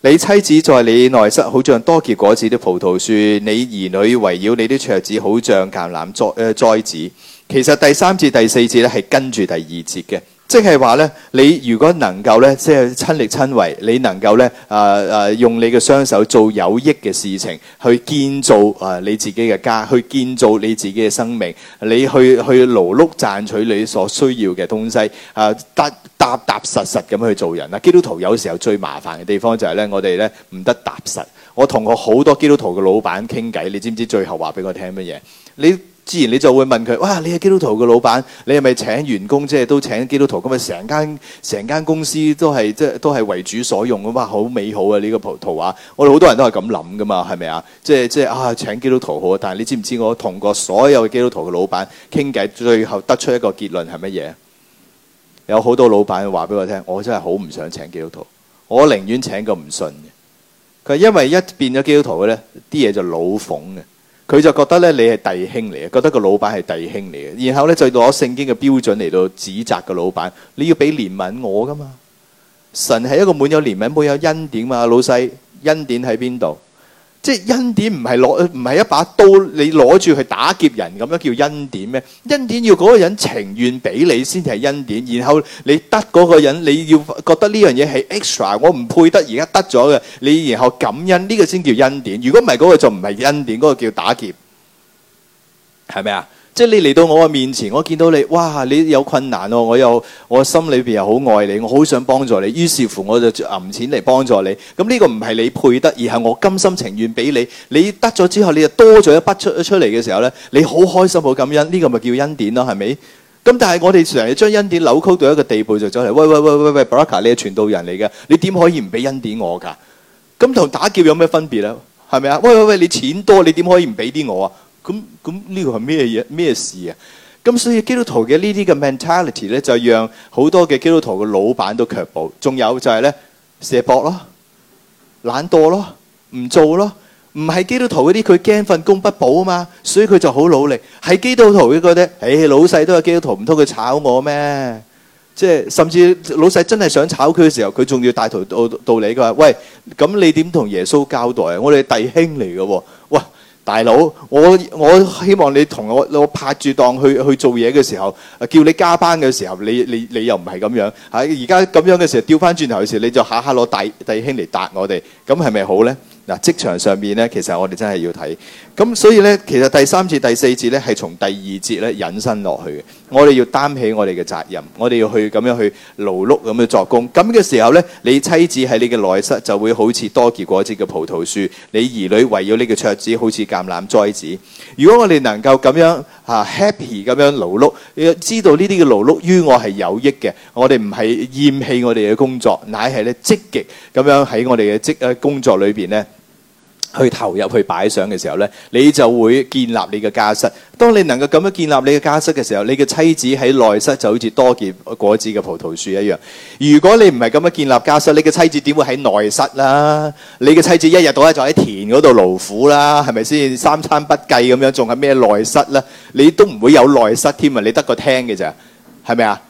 Speaker 1: 你妻子在你內室，好像多結果子的葡萄樹；你兒女圍繞你啲桌子，好像橄欖栽、呃、栽子。其實第三節第四節咧係跟住第二節嘅，即係話咧，你如果能夠咧，即係親力親為，你能夠咧，誒、呃、誒，用你嘅雙手做有益嘅事情，去建造誒你自己嘅家，去建造你自己嘅生命，你去去勞碌賺取你所需要嘅東西，誒、呃、踏踏踏實實咁去做人啊！基督徒有時候最麻煩嘅地方就係咧，我哋咧唔得踏實。我同我好多基督徒嘅老闆傾偈，你知唔知最後話俾我聽乜嘢？你自然你就會問佢：哇！你係基督徒嘅老闆，你係咪請員工即係都請基督徒？咁咪成間成間公司都係即係都係為主所用咁？哇！好美好啊！呢個圖圖畫，我哋好多人都係咁諗噶嘛，係咪啊？即係即係啊！請基督徒好啊！但係你知唔知我同過所有基督徒嘅老闆傾偈，最後得出一個結論係乜嘢？有好多老闆話俾我聽，我真係好唔想請基督徒，我寧願請個唔信嘅。佢因為一變咗基督徒嘅咧，啲嘢就老諷嘅。佢就覺得咧，你係弟兄嚟嘅，覺得個老闆係弟兄嚟嘅，然後咧就攞聖經嘅標準嚟到指責個老闆，你要俾憐憫我噶嘛？神係一個滿有憐憫、滿有恩典嘛，老細，恩典喺邊度？即係恩典唔係攞，唔係一把刀，你攞住去打劫人咁樣叫恩典咩？恩典要嗰個人情願俾你先係恩典，然後你得嗰個人，你要覺得呢樣嘢係 extra，我唔配得而家得咗嘅，你然後感恩，呢個先叫恩典。如果唔係嗰個就唔係恩典，嗰個叫打劫，係咪啊？即係你嚟到我嘅面前，我見到你，哇！你有困難咯、啊，我又我心裏邊又好愛你，我好想幫助你，於是乎我就揞錢嚟幫助你。咁、嗯、呢、這個唔係你配得，而係我甘心情願俾你。你得咗之後，你又多咗一筆出出嚟嘅時候咧，你好開心，好感恩。呢、這個咪叫恩典咯，係咪？咁、嗯、但係我哋成日將恩典扭曲到一個地步就走嚟，喂喂喂喂喂，布拉卡，你係傳道人嚟嘅，你點可以唔俾恩典我㗎？咁、嗯、同打劫有咩分別啊？係咪啊？喂喂喂，你錢多，你點可以唔俾啲我啊？咁咁呢個係咩嘢咩事啊？咁所以基督徒嘅呢啲嘅 mentality 咧，就讓好多嘅基督徒嘅老闆都卻步。仲有就係咧，射波咯，懶惰咯，唔做咯。唔係基督徒嗰啲，佢驚份工不保啊嘛，所以佢就好努力。喺基督徒嗰啲覺得：嘿嘿「誒老細都係基督徒，唔通佢炒我咩？即係甚至老細真係想炒佢嘅時候，佢仲要大條道理你，佢話：喂，咁你點同耶穌交代啊？我哋係弟兄嚟嘅喎，喂。大佬，我我希望你同我我拍住檔去去做嘢嘅時候，叫你加班嘅時候，你你你又唔係咁樣喺而家咁樣嘅時候，調翻轉頭嘅時候，你就下下攞弟弟兄嚟答我哋，咁係咪好呢？嗱，職場上面呢，其實我哋真係要睇。咁所以咧，其實第三節第四節咧係從第二節咧引申落去嘅。我哋要擔起我哋嘅責任，我哋要去咁樣去勞碌咁樣作工。咁嘅時候咧，你妻子喺你嘅內室就會好似多結果子嘅葡萄樹；你兒女圍繞呢個桌子好似橄欖栽子。如果我哋能夠咁樣嚇、啊、happy 咁樣勞碌，要知道呢啲嘅勞碌於我係有益嘅。我哋唔係厭棄我哋嘅工作，乃係咧積極咁樣喺我哋嘅職啊工作裏邊咧。去投入去擺上嘅時候呢，你就會建立你嘅家室。當你能夠咁樣建立你嘅家室嘅時候，你嘅妻子喺內室就好似多結果子嘅葡萄樹一樣。如果你唔係咁樣建立家室，你嘅妻子點會喺內室啦？你嘅妻子一日到黑就喺田嗰度勞苦啦，係咪先？三餐不繼咁樣，仲係咩內室啦？你都唔會有內室添啊！你得個廳嘅咋，係咪啊？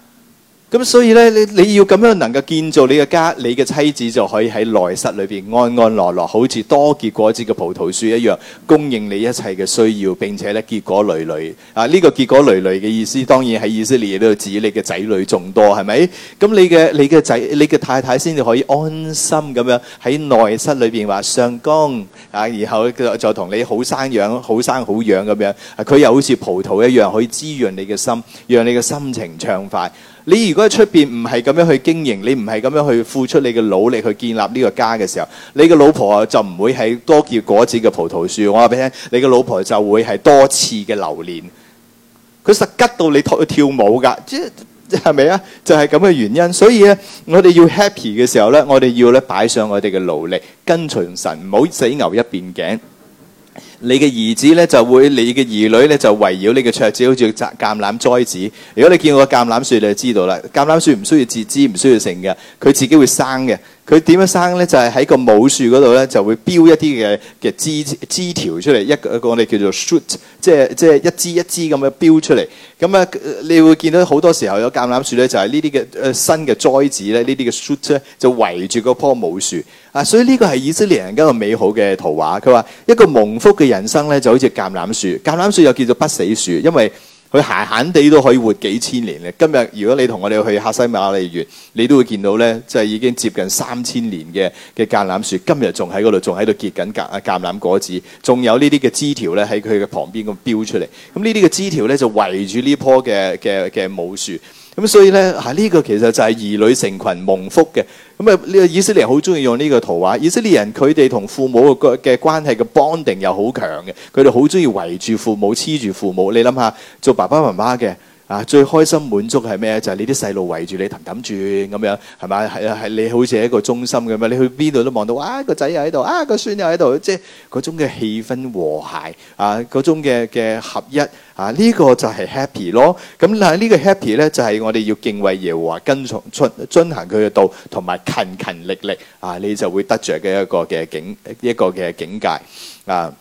Speaker 1: 咁所以咧，你你要咁樣能夠建造你嘅家，你嘅妻子就可以喺內室裏邊安安樂樂，好似多結果子嘅葡萄樹一樣，供應你一切嘅需要。並且咧，結果累累啊！呢、這個結果累累嘅意思，當然喺以色列呢度指你嘅仔女眾多，係咪？咁你嘅你嘅仔，你嘅太太先至可以安心咁樣喺內室裏邊話上工，啊，然後就同你好生養，好生好養咁樣。佢、啊、又好似葡萄一樣，可以滋潤你嘅心，讓你嘅心情暢快。你如果喺出邊唔係咁樣去經營，你唔係咁樣去付出你嘅努力去建立呢個家嘅時候，你嘅老婆啊就唔會係多結果子嘅葡萄樹。我話俾你聽，你嘅老婆就會係多刺嘅榴蓮。佢實吉到你去跳舞㗎，即係咪啊？就係咁嘅原因，所以咧，我哋要 happy 嘅時候咧，我哋要咧擺上我哋嘅勞力，跟隨神，唔好死牛一邊頸。你嘅兒子呢，就會，你嘅兒女呢，就圍繞呢個桌子，好似摘橄欖栽子。如果你見過橄欖樹，你就知道啦。橄欖樹唔需要截枝，唔需要成嘅，佢自己會生嘅。佢點樣生咧？就係喺個母樹嗰度咧，就會標一啲嘅嘅枝枝條出嚟，一個一個我哋叫做 shoot，即係即係一支一支咁樣標出嚟。咁啊，你會見到好多時候有橄欖樹咧，就係呢啲嘅誒新嘅栽子咧，呢啲嘅 shoot 咧就圍住嗰棵母樹啊。所以呢個係以色列人一個美好嘅圖畫。佢話一個蒙福嘅人生咧，就好似橄欖樹。橄欖樹又叫做不死樹，因為。佢閒閒地都可以活幾千年咧。今日如果你同我哋去克西馬利園，你都會見到呢，即係已經接近三千年嘅嘅橄欖樹，今日仲喺嗰度，仲喺度結緊橄橄欖果子，仲有呢啲嘅枝條呢，喺佢嘅旁邊咁飆出嚟。咁呢啲嘅枝條呢，就圍住呢棵嘅嘅嘅母樹。咁所以咧，嚇、啊、呢、呢個其實就係兒女成群蒙福嘅。咁啊，呢個以色列人好中意用呢個圖畫。以色列人佢哋同父母嘅關係嘅 bonding 又好強嘅，佢哋好中意圍住父母黐住父母。你諗下，做爸爸媽媽嘅。啊！最開心滿足係咩？就係你啲細路圍住你氹氹轉咁樣，係咪？係係你好似一個中心咁樣，你去邊度都望到，啊！個仔又喺度，啊，個孫又喺度，即係嗰種嘅氣氛和諧啊，嗰種嘅嘅合一啊，呢個就係 happy 咯。咁喺呢個 happy 咧，就係我哋要敬畏耶和華，跟從遵遵行佢嘅道，同埋勤勤力力啊，你就會得著嘅一個嘅境一個嘅境界啊！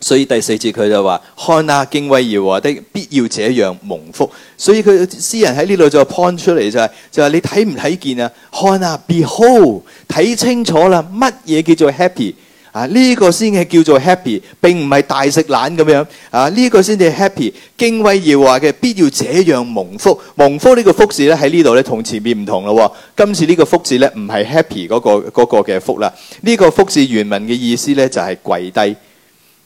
Speaker 1: 所以第四節佢就話看啊，敬畏耶和華的必要這樣蒙福。所以佢詩人喺呢度就 point 出嚟就係、是、就係、是、你睇唔睇見啊？Ana，看啊，behold，睇清楚啦，乜嘢叫做 happy 啊？呢、這個先係叫做 happy，並唔係大食懶咁樣啊。呢、這個先至 happy。敬畏耶和華嘅必要這樣蒙福。蒙福呢個福字咧喺呢度咧同前面唔同咯。今次呢個福字咧唔係 happy 嗰、那個嘅、那個、福啦。呢、這個福字原文嘅意思咧就係、是、跪低。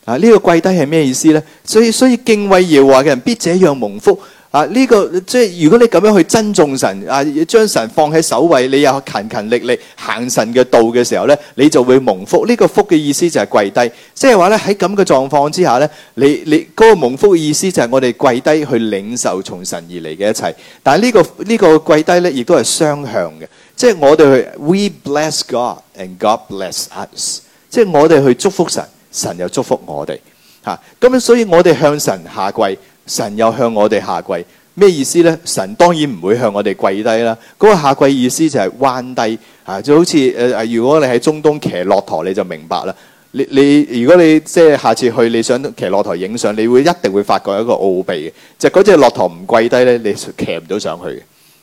Speaker 1: 啊！呢、這個跪低係咩意思咧？所以所以敬畏耶和華嘅人必這樣蒙福啊！呢、這個即係如果你咁樣去珍重神啊，將神放喺首位，你又勤勤力力行神嘅道嘅時候咧，你就會蒙福。呢、這個福嘅意思就係跪低，即係話咧喺咁嘅狀況之下咧，你你嗰、那個蒙福嘅意思就係我哋跪低去領受從神而嚟嘅一切。但係、這、呢個呢、這個跪低咧，亦都係雙向嘅，即係我哋去 We bless God and God bless us，即係我哋去祝福神。神又祝福我哋，嚇、啊、咁所以我哋向神下跪，神又向我哋下跪，咩意思呢？神當然唔會向我哋跪低啦。嗰個下跪意思就係彎低嚇、啊，就好似誒、呃、如果你喺中東騎駱駝，你就明白啦。你你如果你即係下次去，你想騎駱駝影相，你會一定會發覺一個奧秘嘅，就係嗰隻駱駝唔跪低呢，你騎唔到上去嘅，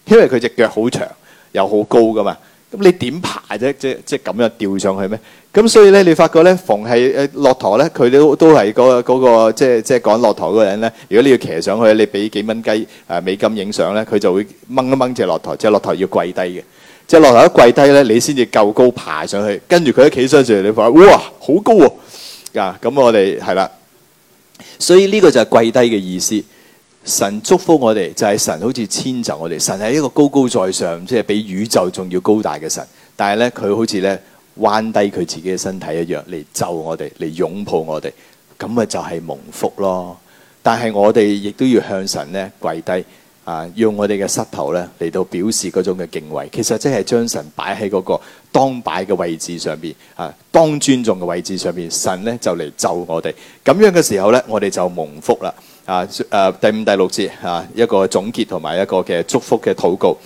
Speaker 1: 因為佢隻腳好長，又好高噶嘛。咁你點爬啫？即即咁樣吊上去咩？咁所以咧，你發覺咧，逢係誒駱駝咧，佢都都係嗰嗰個、嗰個、即即趕駱駝嗰個人咧。如果你要騎上去，你俾幾蚊雞誒美金影相咧，佢就會掹一掹隻駱駝，隻駱駝要跪低嘅。隻駱駝一跪低咧，你先至夠高爬上去。跟住佢一企上去，你發哇好高喎！啊，啊，咁我哋係啦。所以呢個就係跪低嘅意思。神祝福我哋，就係神好似遷就我哋。神係一個高高在上，即係比宇宙仲要高大嘅神。但係咧，佢好似咧彎低佢自己嘅身體一樣，嚟就我哋，嚟擁抱我哋。咁咪就係蒙福咯。但係我哋亦都要向神咧跪低啊，用我哋嘅膝頭咧嚟到表示嗰種嘅敬畏。其實即係將神擺喺嗰個當擺嘅位置上邊啊，當尊重嘅位置上邊。神咧就嚟就我哋咁樣嘅時候咧，我哋就蒙福啦。啊，誒第五、第六節啊，一個總結同埋一個嘅祝福嘅禱告。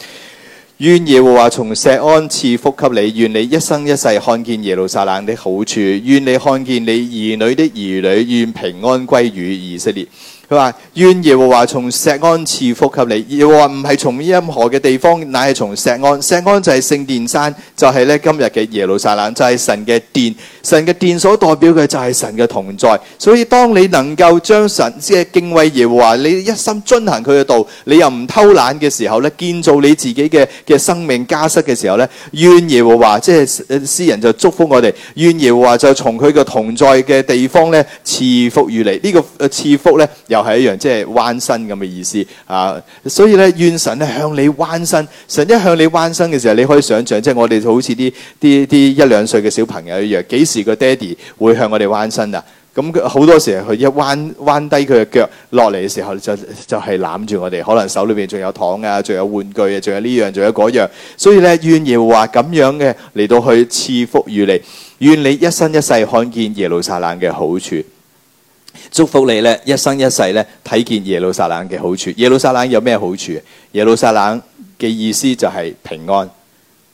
Speaker 1: 願耶和華從錫安賜福給你，願你一生一世看見耶路撒冷的好處，願你看見你兒女的兒女，願平安歸於以色列。佢話：願耶和華從錫安賜福給你。耶和華唔係從任何嘅地方，乃係從錫安。錫安就係聖殿山，就係、是、咧今日嘅耶路撒冷，就係、是、神嘅殿。神嘅殿所代表嘅就係神嘅同在。所以當你能夠將神即係敬畏耶和華，你一心遵行佢嘅道，你又唔偷懶嘅時候咧，建造你自己嘅嘅生命家室嘅時候咧，願耶和華即係誒詩人就祝福我哋。願耶和華就從佢嘅同在嘅地方咧賜福於你。這個呃、賜呢個誒福咧由係一樣，即係彎身咁嘅意思啊！所以咧，願神咧向你彎身，神一向你彎身嘅時候，你可以想象，即係我哋好似啲啲啲一兩歲嘅小朋友一樣，幾時個爹哋會向我哋彎身啊？咁好多時佢一彎彎低佢嘅腳落嚟嘅時候，就就係攬住我哋，可能手裏邊仲有糖啊，仲有玩具啊，仲有呢樣，仲有嗰樣。所以咧，願耶和華咁樣嘅嚟到去賜福於你，願你一生一世看見耶路撒冷嘅好處。祝福你咧，一生一世咧，睇見耶路撒冷嘅好處。耶路撒冷有咩好處？耶路撒冷嘅意思就係平安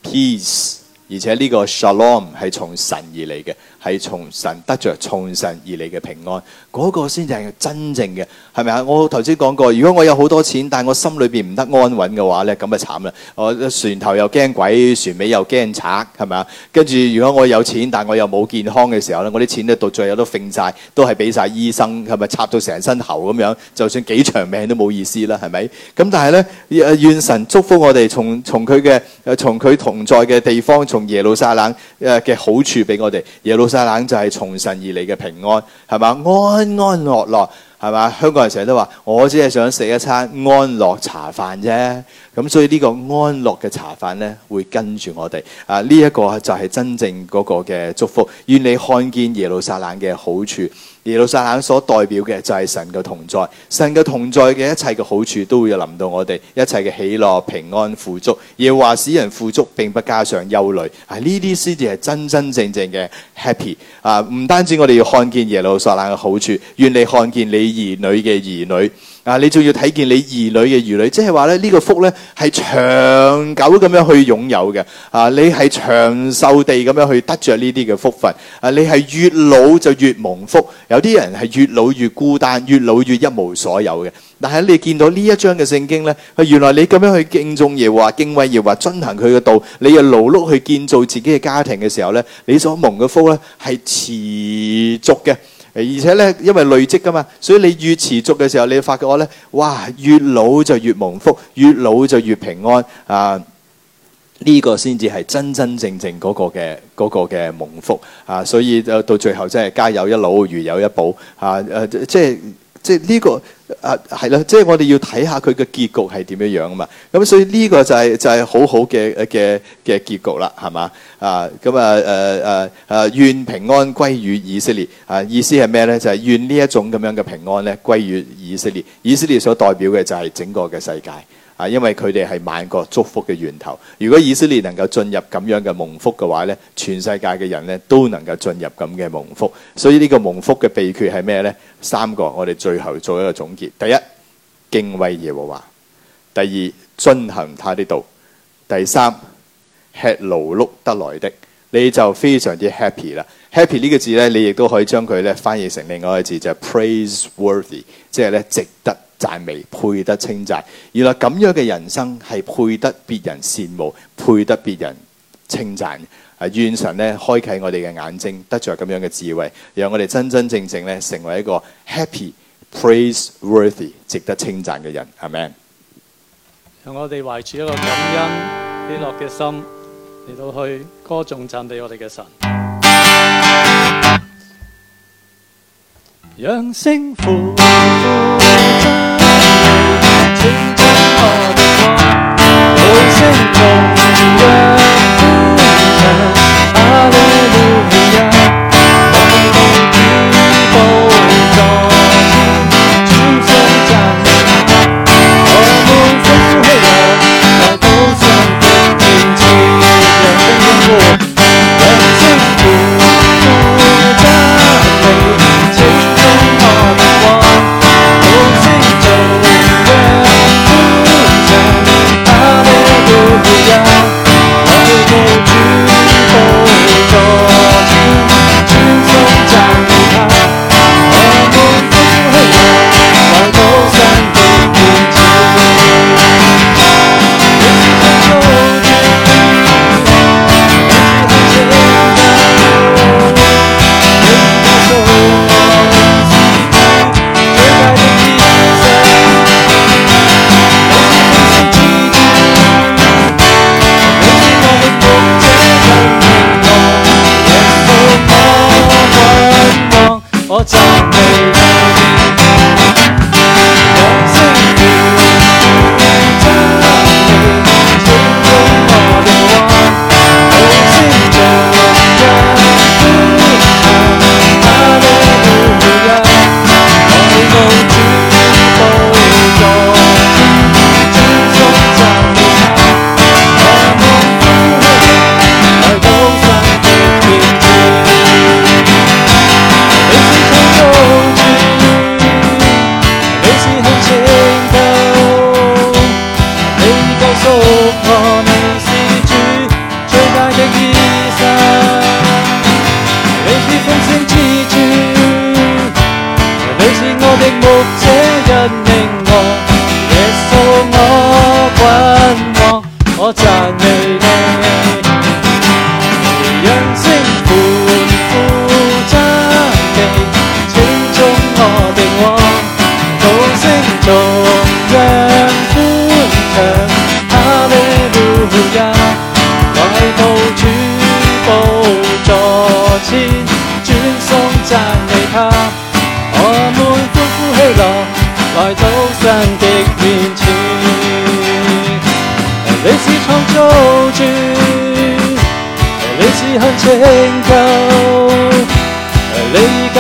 Speaker 1: （Peace），而且呢個 shalom 係從神而嚟嘅。係從神得着、從神而嚟嘅平安，嗰個先正係真正嘅，係咪啊？我頭先講過，如果我有好多錢，但係我心裏邊唔得安穩嘅話咧，咁啊慘啦！我船頭又驚鬼，船尾又驚賊，係咪啊？跟住如果我有錢，但我又冇健康嘅時候咧，我啲錢咧到最後都揈晒，都係俾晒醫生係咪插到成身喉咁樣？就算幾長命都冇意思啦，係咪？咁但係咧，願神祝福我哋從從佢嘅，誒從佢同在嘅地方，從耶路撒冷誒嘅好處俾我哋耶路撒冷就係從神而嚟嘅平安，係嘛，安安樂樂，係嘛，香港人成日都話，我只係想食一餐安樂茶飯啫，咁所以呢個安樂嘅茶飯呢，會跟住我哋，啊呢一個就係真正嗰個嘅祝福，願你看見耶路撒冷嘅好處。耶路撒冷所代表嘅就係神嘅同在，神嘅同在嘅一切嘅好處都會臨到我哋，一切嘅喜樂、平安、富足。耶話使人富足，並不加上憂慮，啊呢啲事係真真正正嘅 happy 啊，唔單止我哋要看見耶路撒冷嘅好處，願你看見你兒女嘅兒女。啊！你仲要睇見你兒女嘅兒女，即係話咧呢個福咧係長久咁樣去擁有嘅。啊，你係長壽地咁樣去得着呢啲嘅福分。啊，你係越老就越蒙福。有啲人係越老越孤單，越老越一無所有嘅。但係你見到呢一章嘅聖經咧，原來你咁樣去敬重耶和華、敬畏耶和華、遵行佢嘅道，你又勞碌去建造自己嘅家庭嘅時候咧，你所蒙嘅福咧係持續嘅。而且呢，因為累積㗎嘛，所以你越持續嘅時候，你會發覺我呢：「哇，越老就越蒙福，越老就越平安啊！」呢個先至係真真正正嗰個嘅嗰個嘅蒙福啊！所以到最後真係家有一老如有一寶啊！誒、呃，即係。即係、這、呢個啊係啦，即係我哋要睇下佢嘅結局係點樣樣啊嘛，咁、啊、所以呢個就係、是、就係、是、好好嘅嘅嘅結局啦，係嘛啊，咁啊，誒誒誒，願平安歸於以色列啊，意思係咩咧？就係、是、願呢一種咁樣嘅平安咧歸於以色列，以色列所代表嘅就係整個嘅世界。啊，因為佢哋係萬國祝福嘅源頭。如果以色列能夠進入咁樣嘅蒙福嘅話咧，全世界嘅人咧都能夠進入咁嘅蒙福。所以個夢呢個蒙福嘅秘訣係咩咧？三個，我哋最後做一個總結。第一，敬畏耶和華；第二，遵行祂的道；第三，吃勞碌得來的，你就非常之 happy 啦。happy 呢個字咧，你亦都可以將佢咧翻譯成另外一個字，就係、是、praiseworthy，即係咧值得。讚美，配得稱讚，原來咁樣嘅人生係配得別人羨慕，配得別人稱讚，啊。願神呢開啟我哋嘅眼睛，得着咁樣嘅智慧，讓我哋真真正正呢成為一個 happy praiseworthy 值得稱讚嘅人。阿們。
Speaker 2: e 讓我哋懷住一個感恩、喜樂嘅心，嚟到去歌頌讚美我哋嘅神。讓星火。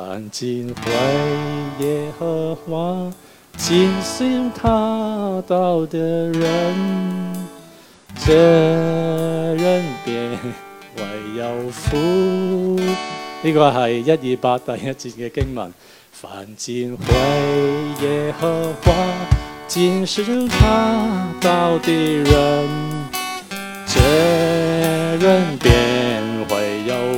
Speaker 2: 凡敬畏耶和華、遵行他道的人，這人便為有福。呢個係一二八第一節嘅經文。凡敬畏耶和華、遵行他道的人，這人便會有。這個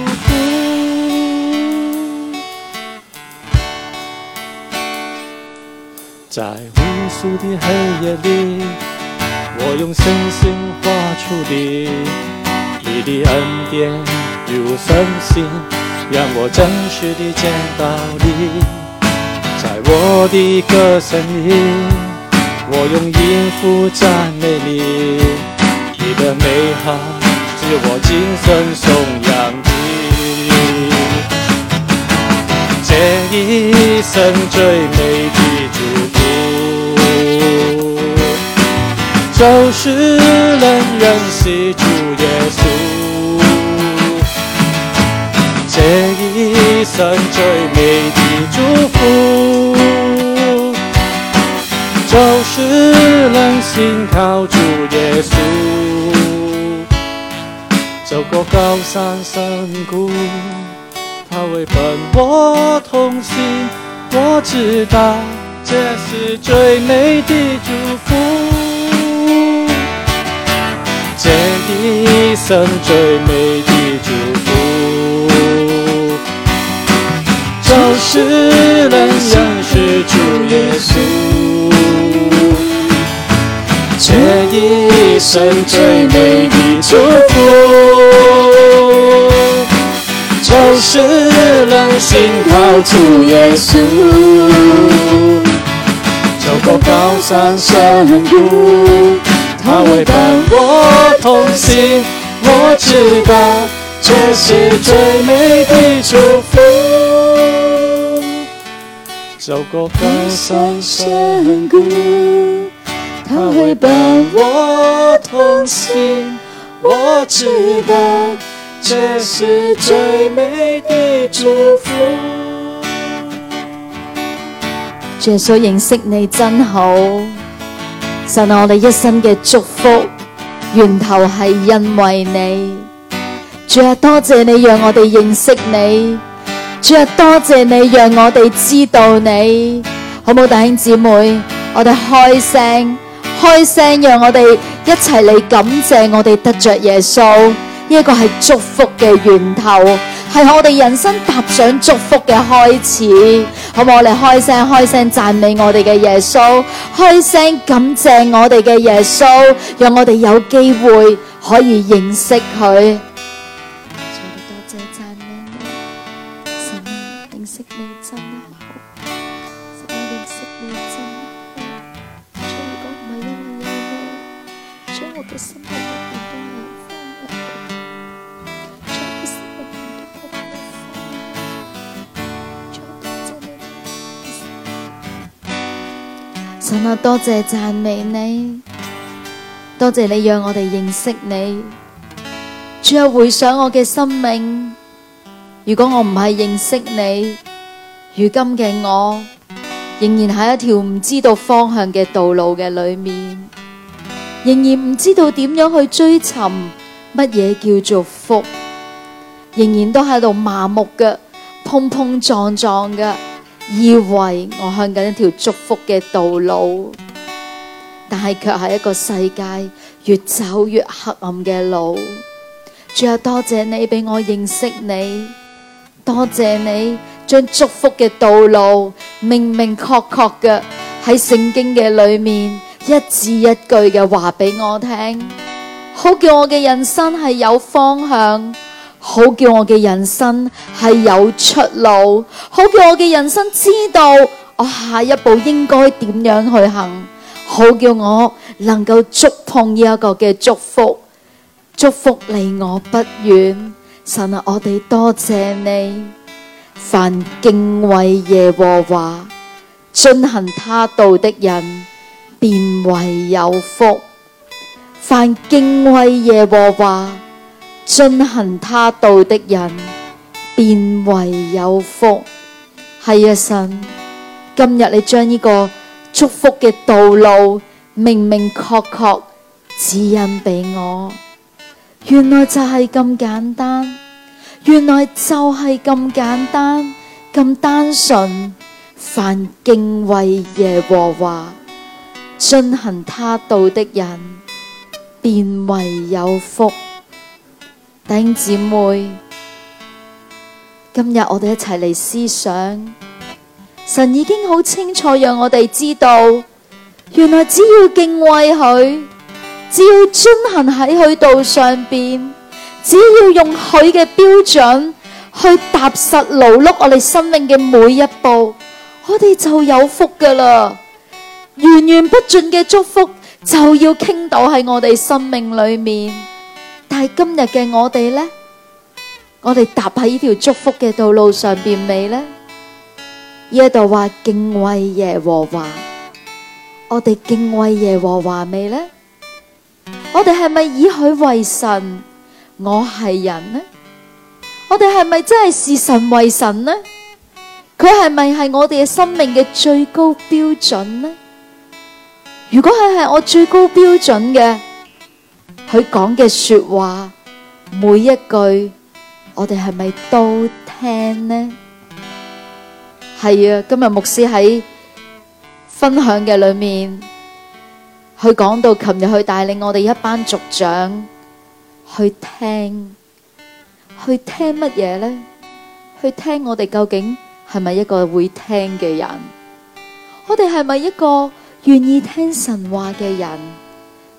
Speaker 2: 在無數的黑夜裏，我用星星畫出你。你的恩典如繁星，讓我真實的見到你。在我的歌聲裏，我用音符讚美你。你的美好是我今生頌揚的，這一生最美的。就是能認識主耶穌，這一生最美的祝福。就是能信靠主耶穌，走過高山深谷，他會伴我同行。我知道這是最美的祝福。這一,一生最美的祝福，就是能認識主耶穌。這一生最美的祝福，就是能信靠主耶穌。走過高山山谷。他會伴我同行，我知道這是最美的祝福。走過高山峽谷，
Speaker 3: 他會伴我同行，我知道這是最美的祝福。耶穌認識你真好。神，我哋一生嘅祝福源頭係因為你，主啊，多謝你讓我哋認識你，主啊，多謝你讓我哋知道你，好冇弟兄姊妹，我哋開聲，開聲，讓我哋一齊嚟感謝我哋得着耶穌，呢一個係祝福嘅源頭。係我哋人生踏上祝福嘅開始，好，我哋開聲開聲讚美我哋嘅耶穌，開聲感謝我哋嘅耶穌，讓我哋有機會可以認識佢。我多謝讚美你，多謝你讓我哋認識你。最後回想我嘅生命，如果我唔係認識你，如今嘅我仍然喺一條唔知道方向嘅道路嘅裏面，仍然唔知道點樣去追尋乜嘢叫做福，仍然都喺度麻木嘅碰碰撞撞嘅。以為我向緊一條祝福嘅道路，但係卻係一個世界越走越黑暗嘅路。最後，多謝你俾我認識你，多謝你將祝福嘅道路明明確確嘅喺聖經嘅裏面一字一句嘅話俾我聽，好叫我嘅人生係有方向。好叫我嘅人生係有出路，好叫我嘅人生知道我下一步應該點樣去行，好叫我能夠觸碰呢一個嘅祝福，祝福離我不遠。神啊，我哋多謝你，凡敬畏耶和華、遵行他道的人，便為有福。凡敬畏耶和華。遵行他道的人，便為有福。係啊，神今日你將呢個祝福嘅道路明明確確確指引俾我，原來就係咁簡單，原來就係咁簡單，咁單純，凡敬畏耶和華、遵行他道的人，便為有福。弟兄姊妹，今日我哋一齊嚟思想，神已經好清楚讓我哋知道，原來只要敬畏佢，只要遵行喺佢道上邊，只要用佢嘅標準去踏實勞碌我哋生命嘅每一步，我哋就有福噶啦，源源不盡嘅祝福就要傾倒喺我哋生命裏面。但係今日嘅我哋咧，我哋踏喺呢條祝福嘅道路上邊未咧？呢一度話敬畏耶和華，我哋敬畏耶和華未咧？我哋係咪以佢為神？我係人呢？我哋係咪真係視神為神呢？佢係咪係我哋嘅生命嘅最高標準呢？如果佢係我最高標準嘅？佢講嘅說話每一句，我哋係咪都聽呢？係啊，今日牧師喺分享嘅裏面，佢講到琴日佢帶領我哋一班族長去聽，去聽乜嘢呢？去聽我哋究竟係咪一個會聽嘅人？我哋係咪一個願意聽神話嘅人？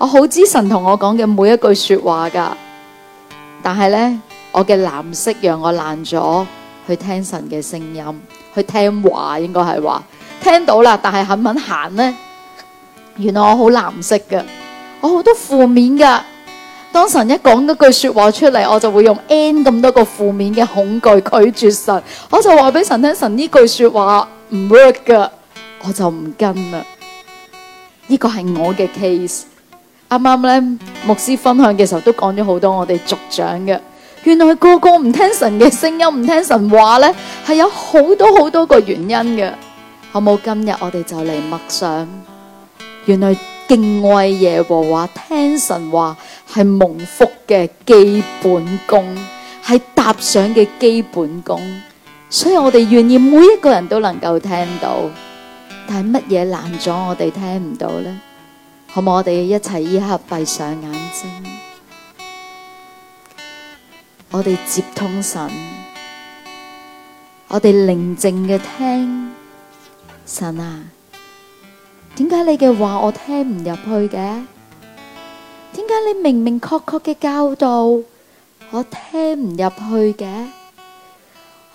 Speaker 3: 我好知神同我講嘅每一句說話噶，但係咧，我嘅藍色讓我爛咗去聽神嘅聲音，去聽話應該係話聽到啦。但係肯唔肯行咧？原來我好藍色噶，我好多負面噶。當神一講嗰句說話出嚟，我就會用 n 咁多個負面嘅恐懼拒絕神。我就話俾神聽神，神呢句說話唔 work 噶，我就唔跟啦。呢、這個係我嘅 case。啱啱咧牧師分享嘅時候，都講咗好多我哋族長嘅，原來個個唔聽神嘅聲音，唔聽神話咧，係有好多好多個原因嘅，好冇？今日我哋就嚟默想，原來敬畏耶和華聽神話係蒙福嘅基本功，係踏上嘅基本功，所以我哋願意每一個人都能夠聽到，但係乜嘢攔咗我哋聽唔到咧？好冇？我哋一齊依下閉上眼睛，我哋接通神，我哋寧靜嘅聽神啊！點解你嘅話我聽唔入去嘅？點解你明明確確嘅教導我聽唔入去嘅？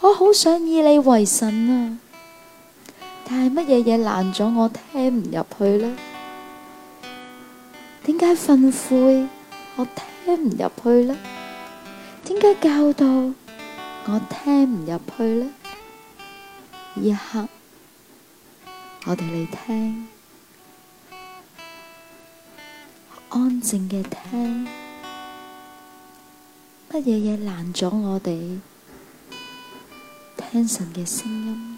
Speaker 3: 我好想以你為神啊！但係乜嘢嘢攔咗我聽唔入去咧？點解訓誨我聽唔入去呢？點解教導我聽唔入去呢？一刻我，我哋嚟聽安靜嘅聽，乜嘢嘢難咗我哋聽神嘅聲音？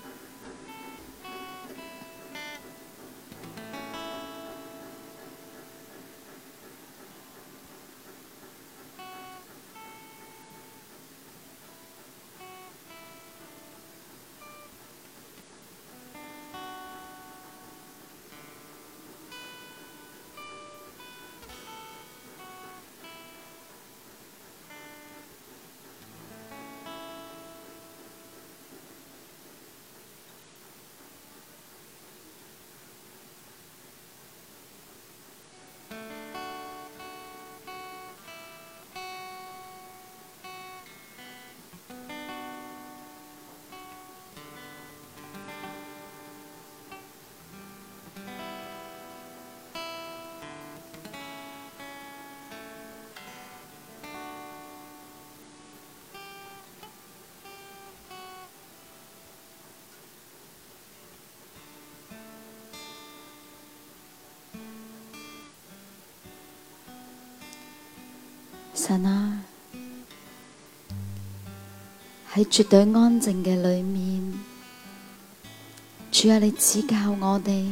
Speaker 3: 神啊，喺絕對安靜嘅裏面，主啊，你指教我哋，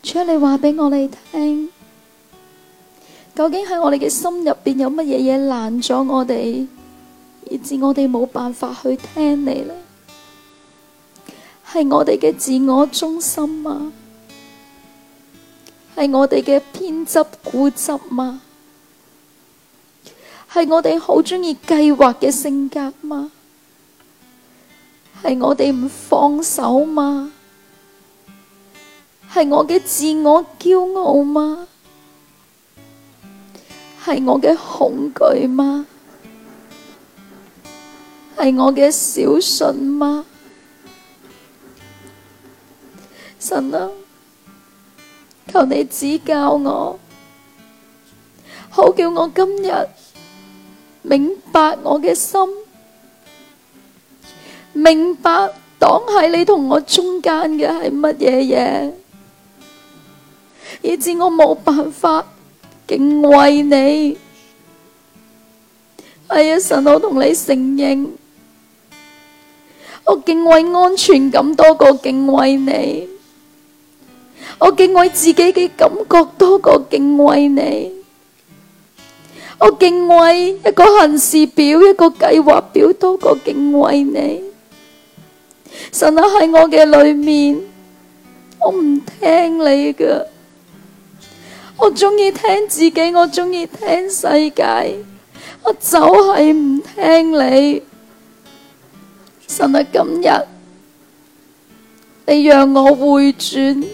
Speaker 3: 主啊，你話畀我哋聽，究竟喺我哋嘅心入邊有乜嘢嘢攔咗我哋，以至我哋冇辦法去聽你呢？係我哋嘅自我中心呀？係我哋嘅偏執固執呀？係我哋好鍾意計劃嘅性格嗎？係我哋唔放手嗎？係我嘅自我驕傲嗎？係我嘅恐懼嗎？係我嘅小信嗎？神啊，求你指教我，好叫我今日。明白我嘅心，明白擋喺你同我中間嘅係乜嘢嘢，以至我冇辦法敬畏你。係、哎呀，神，我同你承認，我敬畏安全感多過敬畏你，我敬畏自己嘅感覺多過敬畏你。我敬畏一個行事表，一個計劃表，多過敬畏你。神啊，喺我嘅裏面，我唔聽你㗎。我中意聽自己，我中意聽世界，我就係唔聽你。神啊，今日你讓我回轉。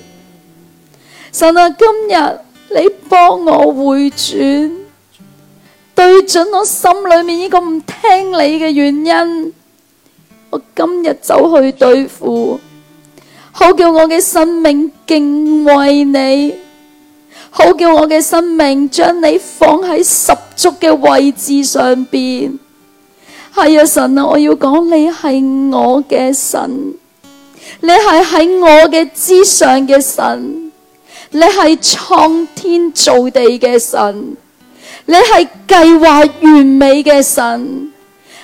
Speaker 3: 神啊，今日你幫我回轉。對準我心裏面呢個唔聽你嘅原因，我今日走去對付，好叫我嘅生命敬畏你，好叫我嘅生命將你放喺十足嘅位置上邊。係啊，神啊，我要講你係我嘅神，你係喺我嘅之上嘅神，你係創天造地嘅神。你係計劃完美嘅神，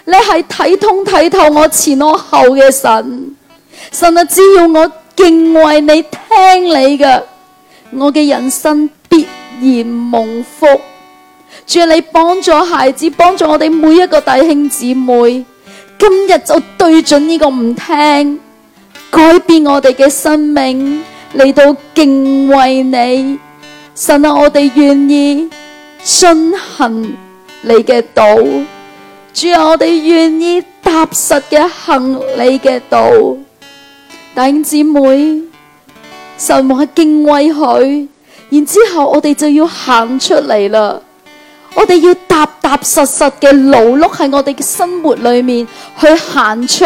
Speaker 3: 你係睇通睇透我前我後嘅神，神啊！只要我敬畏你，聽你嘅，我嘅人生必然蒙福。主，你幫助孩子，幫助我哋每一個弟兄姊妹。今日就對準呢個唔聽，改變我哋嘅生命嚟到敬畏你，神啊！我哋願意。信行你嘅道，主，我哋願意踏實嘅行你嘅道，弟兄姊妹神話敬畏佢，然之後我哋就要行出嚟啦。我哋要踏踏實實嘅勞碌喺我哋嘅生活裏面去行出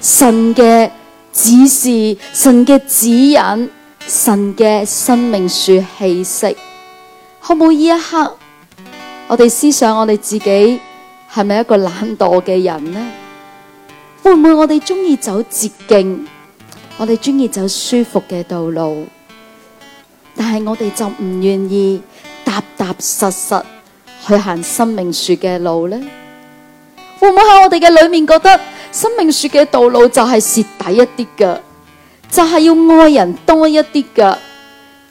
Speaker 3: 神嘅指示、神嘅指引、神嘅生命樹氣息，可唔可以呢一刻？我哋思想，我哋自己係咪一個懶惰嘅人呢？會唔會我哋中意走捷徑？我哋中意走舒服嘅道路，但係我哋就唔願意踏踏實實去行生命樹嘅路呢？會唔會喺我哋嘅裏面覺得生命樹嘅道路就係蝕底一啲嘅，就係要愛人多一啲嘅，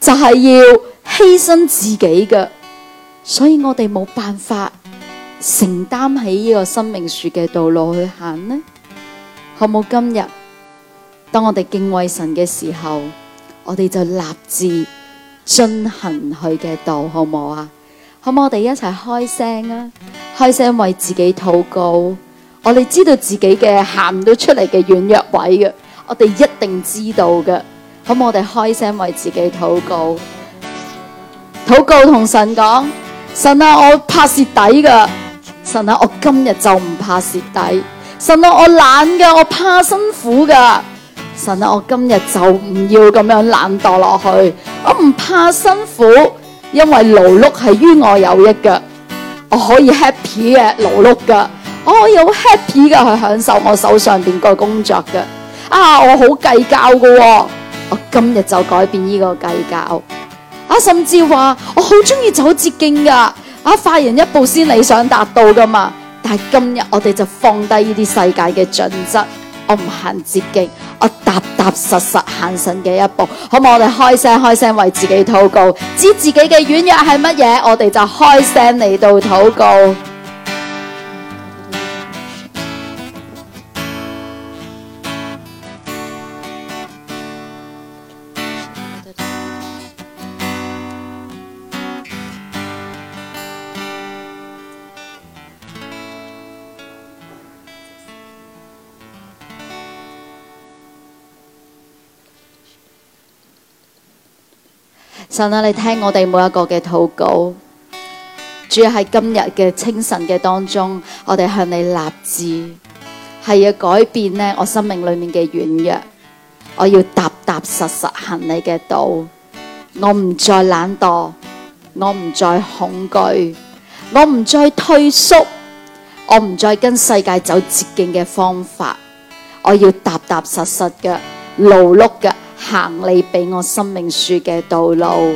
Speaker 3: 就係要犧牲自己嘅？所以我哋冇辦法承擔起呢個生命樹嘅道路去行呢？好冇？今日當我哋敬畏神嘅時候，我哋就立志進行佢嘅道，好唔好啊？好唔好？我哋一齊開聲啊！開聲為自己禱告。我哋知道自己嘅行唔到出嚟嘅軟弱位嘅，我哋一定知道嘅。好唔好我哋開聲為自己禱告，禱告同神講。神啊，我怕蝕底噶。神啊，我今日就唔怕蝕底。神啊，我懶噶，我怕辛苦噶。神啊，我今日就唔要咁樣懶惰落去。我唔怕辛苦，因為勞碌係於我有益噶。我可以 happy 嘅勞碌噶，我可以好 happy 嘅去享受我手上邊個工作噶。啊，我好計較噶，我今日就改變呢個計較。啊，甚至話我好中意走捷徑噶，啊，快人一步先理想達到噶嘛。但係今日我哋就放低呢啲世界嘅準則，我唔行捷徑，我踏踏實實行神嘅一步，好唔好？我哋開聲開聲為自己禱告，知自己嘅軟弱係乜嘢，我哋就開聲嚟到禱告。神啊，你聽我哋每一個嘅禱告，主要喺今日嘅清晨嘅當中，我哋向你立志，係要改變咧我生命裏面嘅軟弱，我要踏踏實實行你嘅道，我唔再懶惰，我唔再恐懼，我唔再退縮，我唔再跟世界走捷徑嘅方法，我要踏踏實實嘅勞碌嘅。牢牢行你俾我生命樹嘅道路，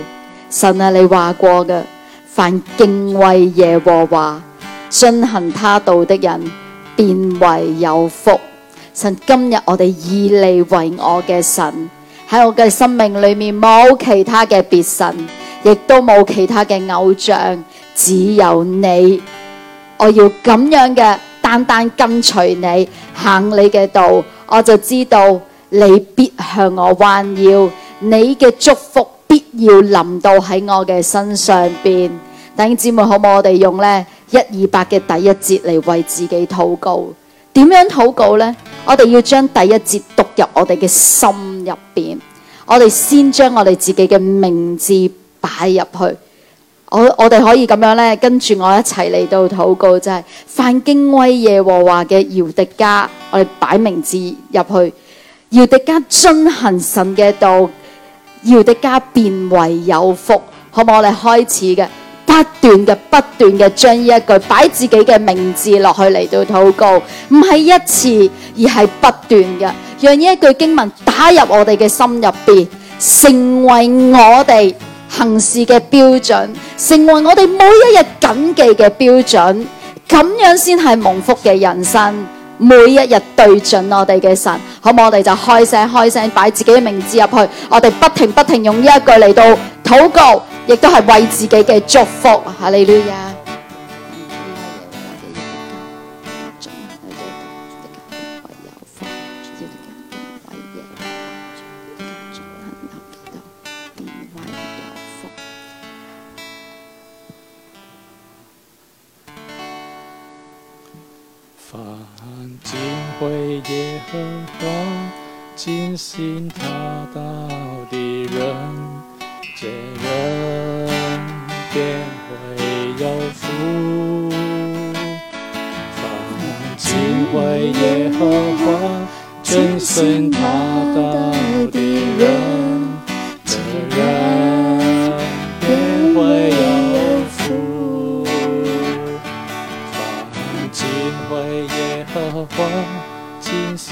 Speaker 3: 神啊，你話過嘅，凡敬畏耶和華、遵行他道的人，變為有福。神，今日我哋以你為我嘅神，喺我嘅生命裏面冇其他嘅別神，亦都冇其他嘅偶像，只有你。我要咁樣嘅，單單跟隨你，行你嘅道，我就知道。你必向我彎耀，你嘅祝福必要臨到喺我嘅身上邊。弟兄姊妹，好唔好？我哋用呢一二八嘅第一節嚟為自己禱告。點樣禱告呢？我哋要將第一節讀入我哋嘅心入邊，我哋先將我哋自己嘅名字擺入去。我我哋可以咁樣呢，跟住我一齊嚟到禱告，就係凡敬畏耶和華嘅搖迪家，我哋擺名字入去。要的加遵行神嘅道，要的加變為有福，好唔好？我哋開始嘅，不斷嘅，不斷嘅，將呢一句擺自己嘅名字落去嚟到禱告，唔係一次，而係不斷嘅，讓呢一句經文打入我哋嘅心入邊，成為我哋行事嘅標準，成為我哋每一日謹記嘅標準，咁樣先係蒙福嘅人生。每一日對準我哋嘅神，好唔好？我哋就開聲開聲，擺自己嘅名字入去，我哋不停不停用呢一句嚟到禱告，亦都係為自己嘅祝福。哈利路亞。
Speaker 2: 凡敬畏耶和華、遵行他道的人，這人便會有福。凡敬畏耶和華、遵行他道的人。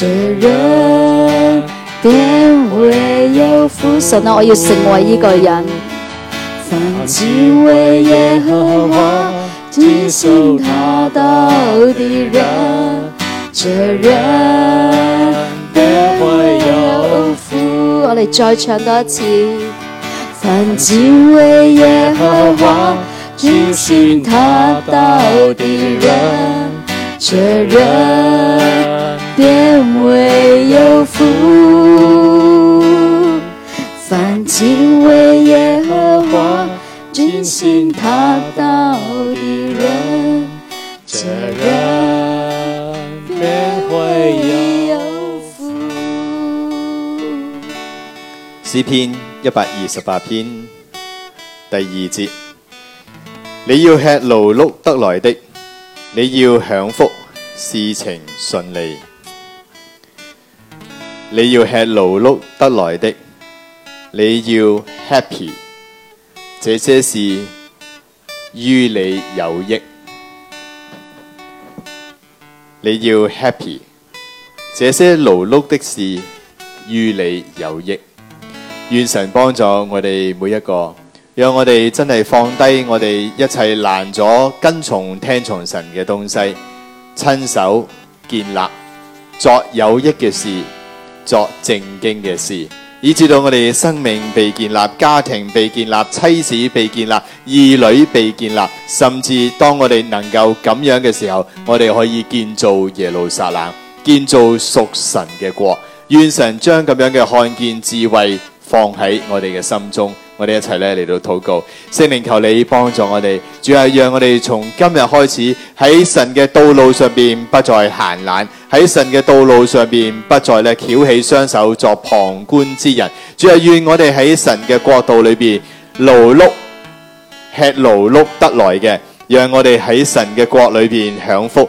Speaker 3: 這人便為有福，神啊！我要成為一個人，凡敬畏耶和華遵行他道的人，
Speaker 2: 這人便為有福。
Speaker 3: 我哋再唱多一次，凡
Speaker 2: 敬畏耶和華遵行他道的人，這人。
Speaker 3: 便會有福。凡敬畏耶和華、遵行他道的人，這人、個、
Speaker 2: 便會有福。
Speaker 1: 詩篇一百二十八篇第二節：你要吃勞碌得來的，你要享福，事情順利。你要吃勞碌得來的，你要 happy，這些事於你有益。你要 happy，這些勞碌的事於你有益。願神幫助我哋每一個，讓我哋真係放低我哋一切難阻跟從聽從神嘅東西，親手建立，作有益嘅事。作正經嘅事，以至到我哋生命被建立，家庭被建立，妻子被建立，兒女被建立，甚至當我哋能夠咁樣嘅時候，我哋可以建造耶路撒冷，建造屬神嘅國。願神將咁樣嘅看見智慧放喺我哋嘅心中。我哋一齊咧嚟到禱告，聖靈求你幫助我哋，主啊，讓我哋從今日開始喺神嘅道路上邊不再閒懶，喺神嘅道路上邊不再咧翹起雙手作旁觀之人。主啊，願我哋喺神嘅國度裏邊勞碌，吃勞碌得來嘅，讓我哋喺神嘅國裏邊享福。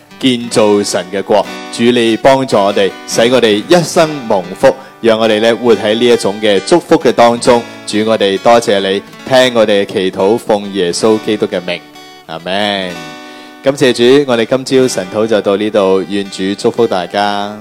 Speaker 1: 建造神嘅國，主你幫助我哋，使我哋一生蒙福，讓我哋咧活喺呢一種嘅祝福嘅當中。主我哋多謝你，聽我哋祈禱，奉耶穌基督嘅名，阿門。感謝主，我哋今朝神討就到呢度，願主祝福大家。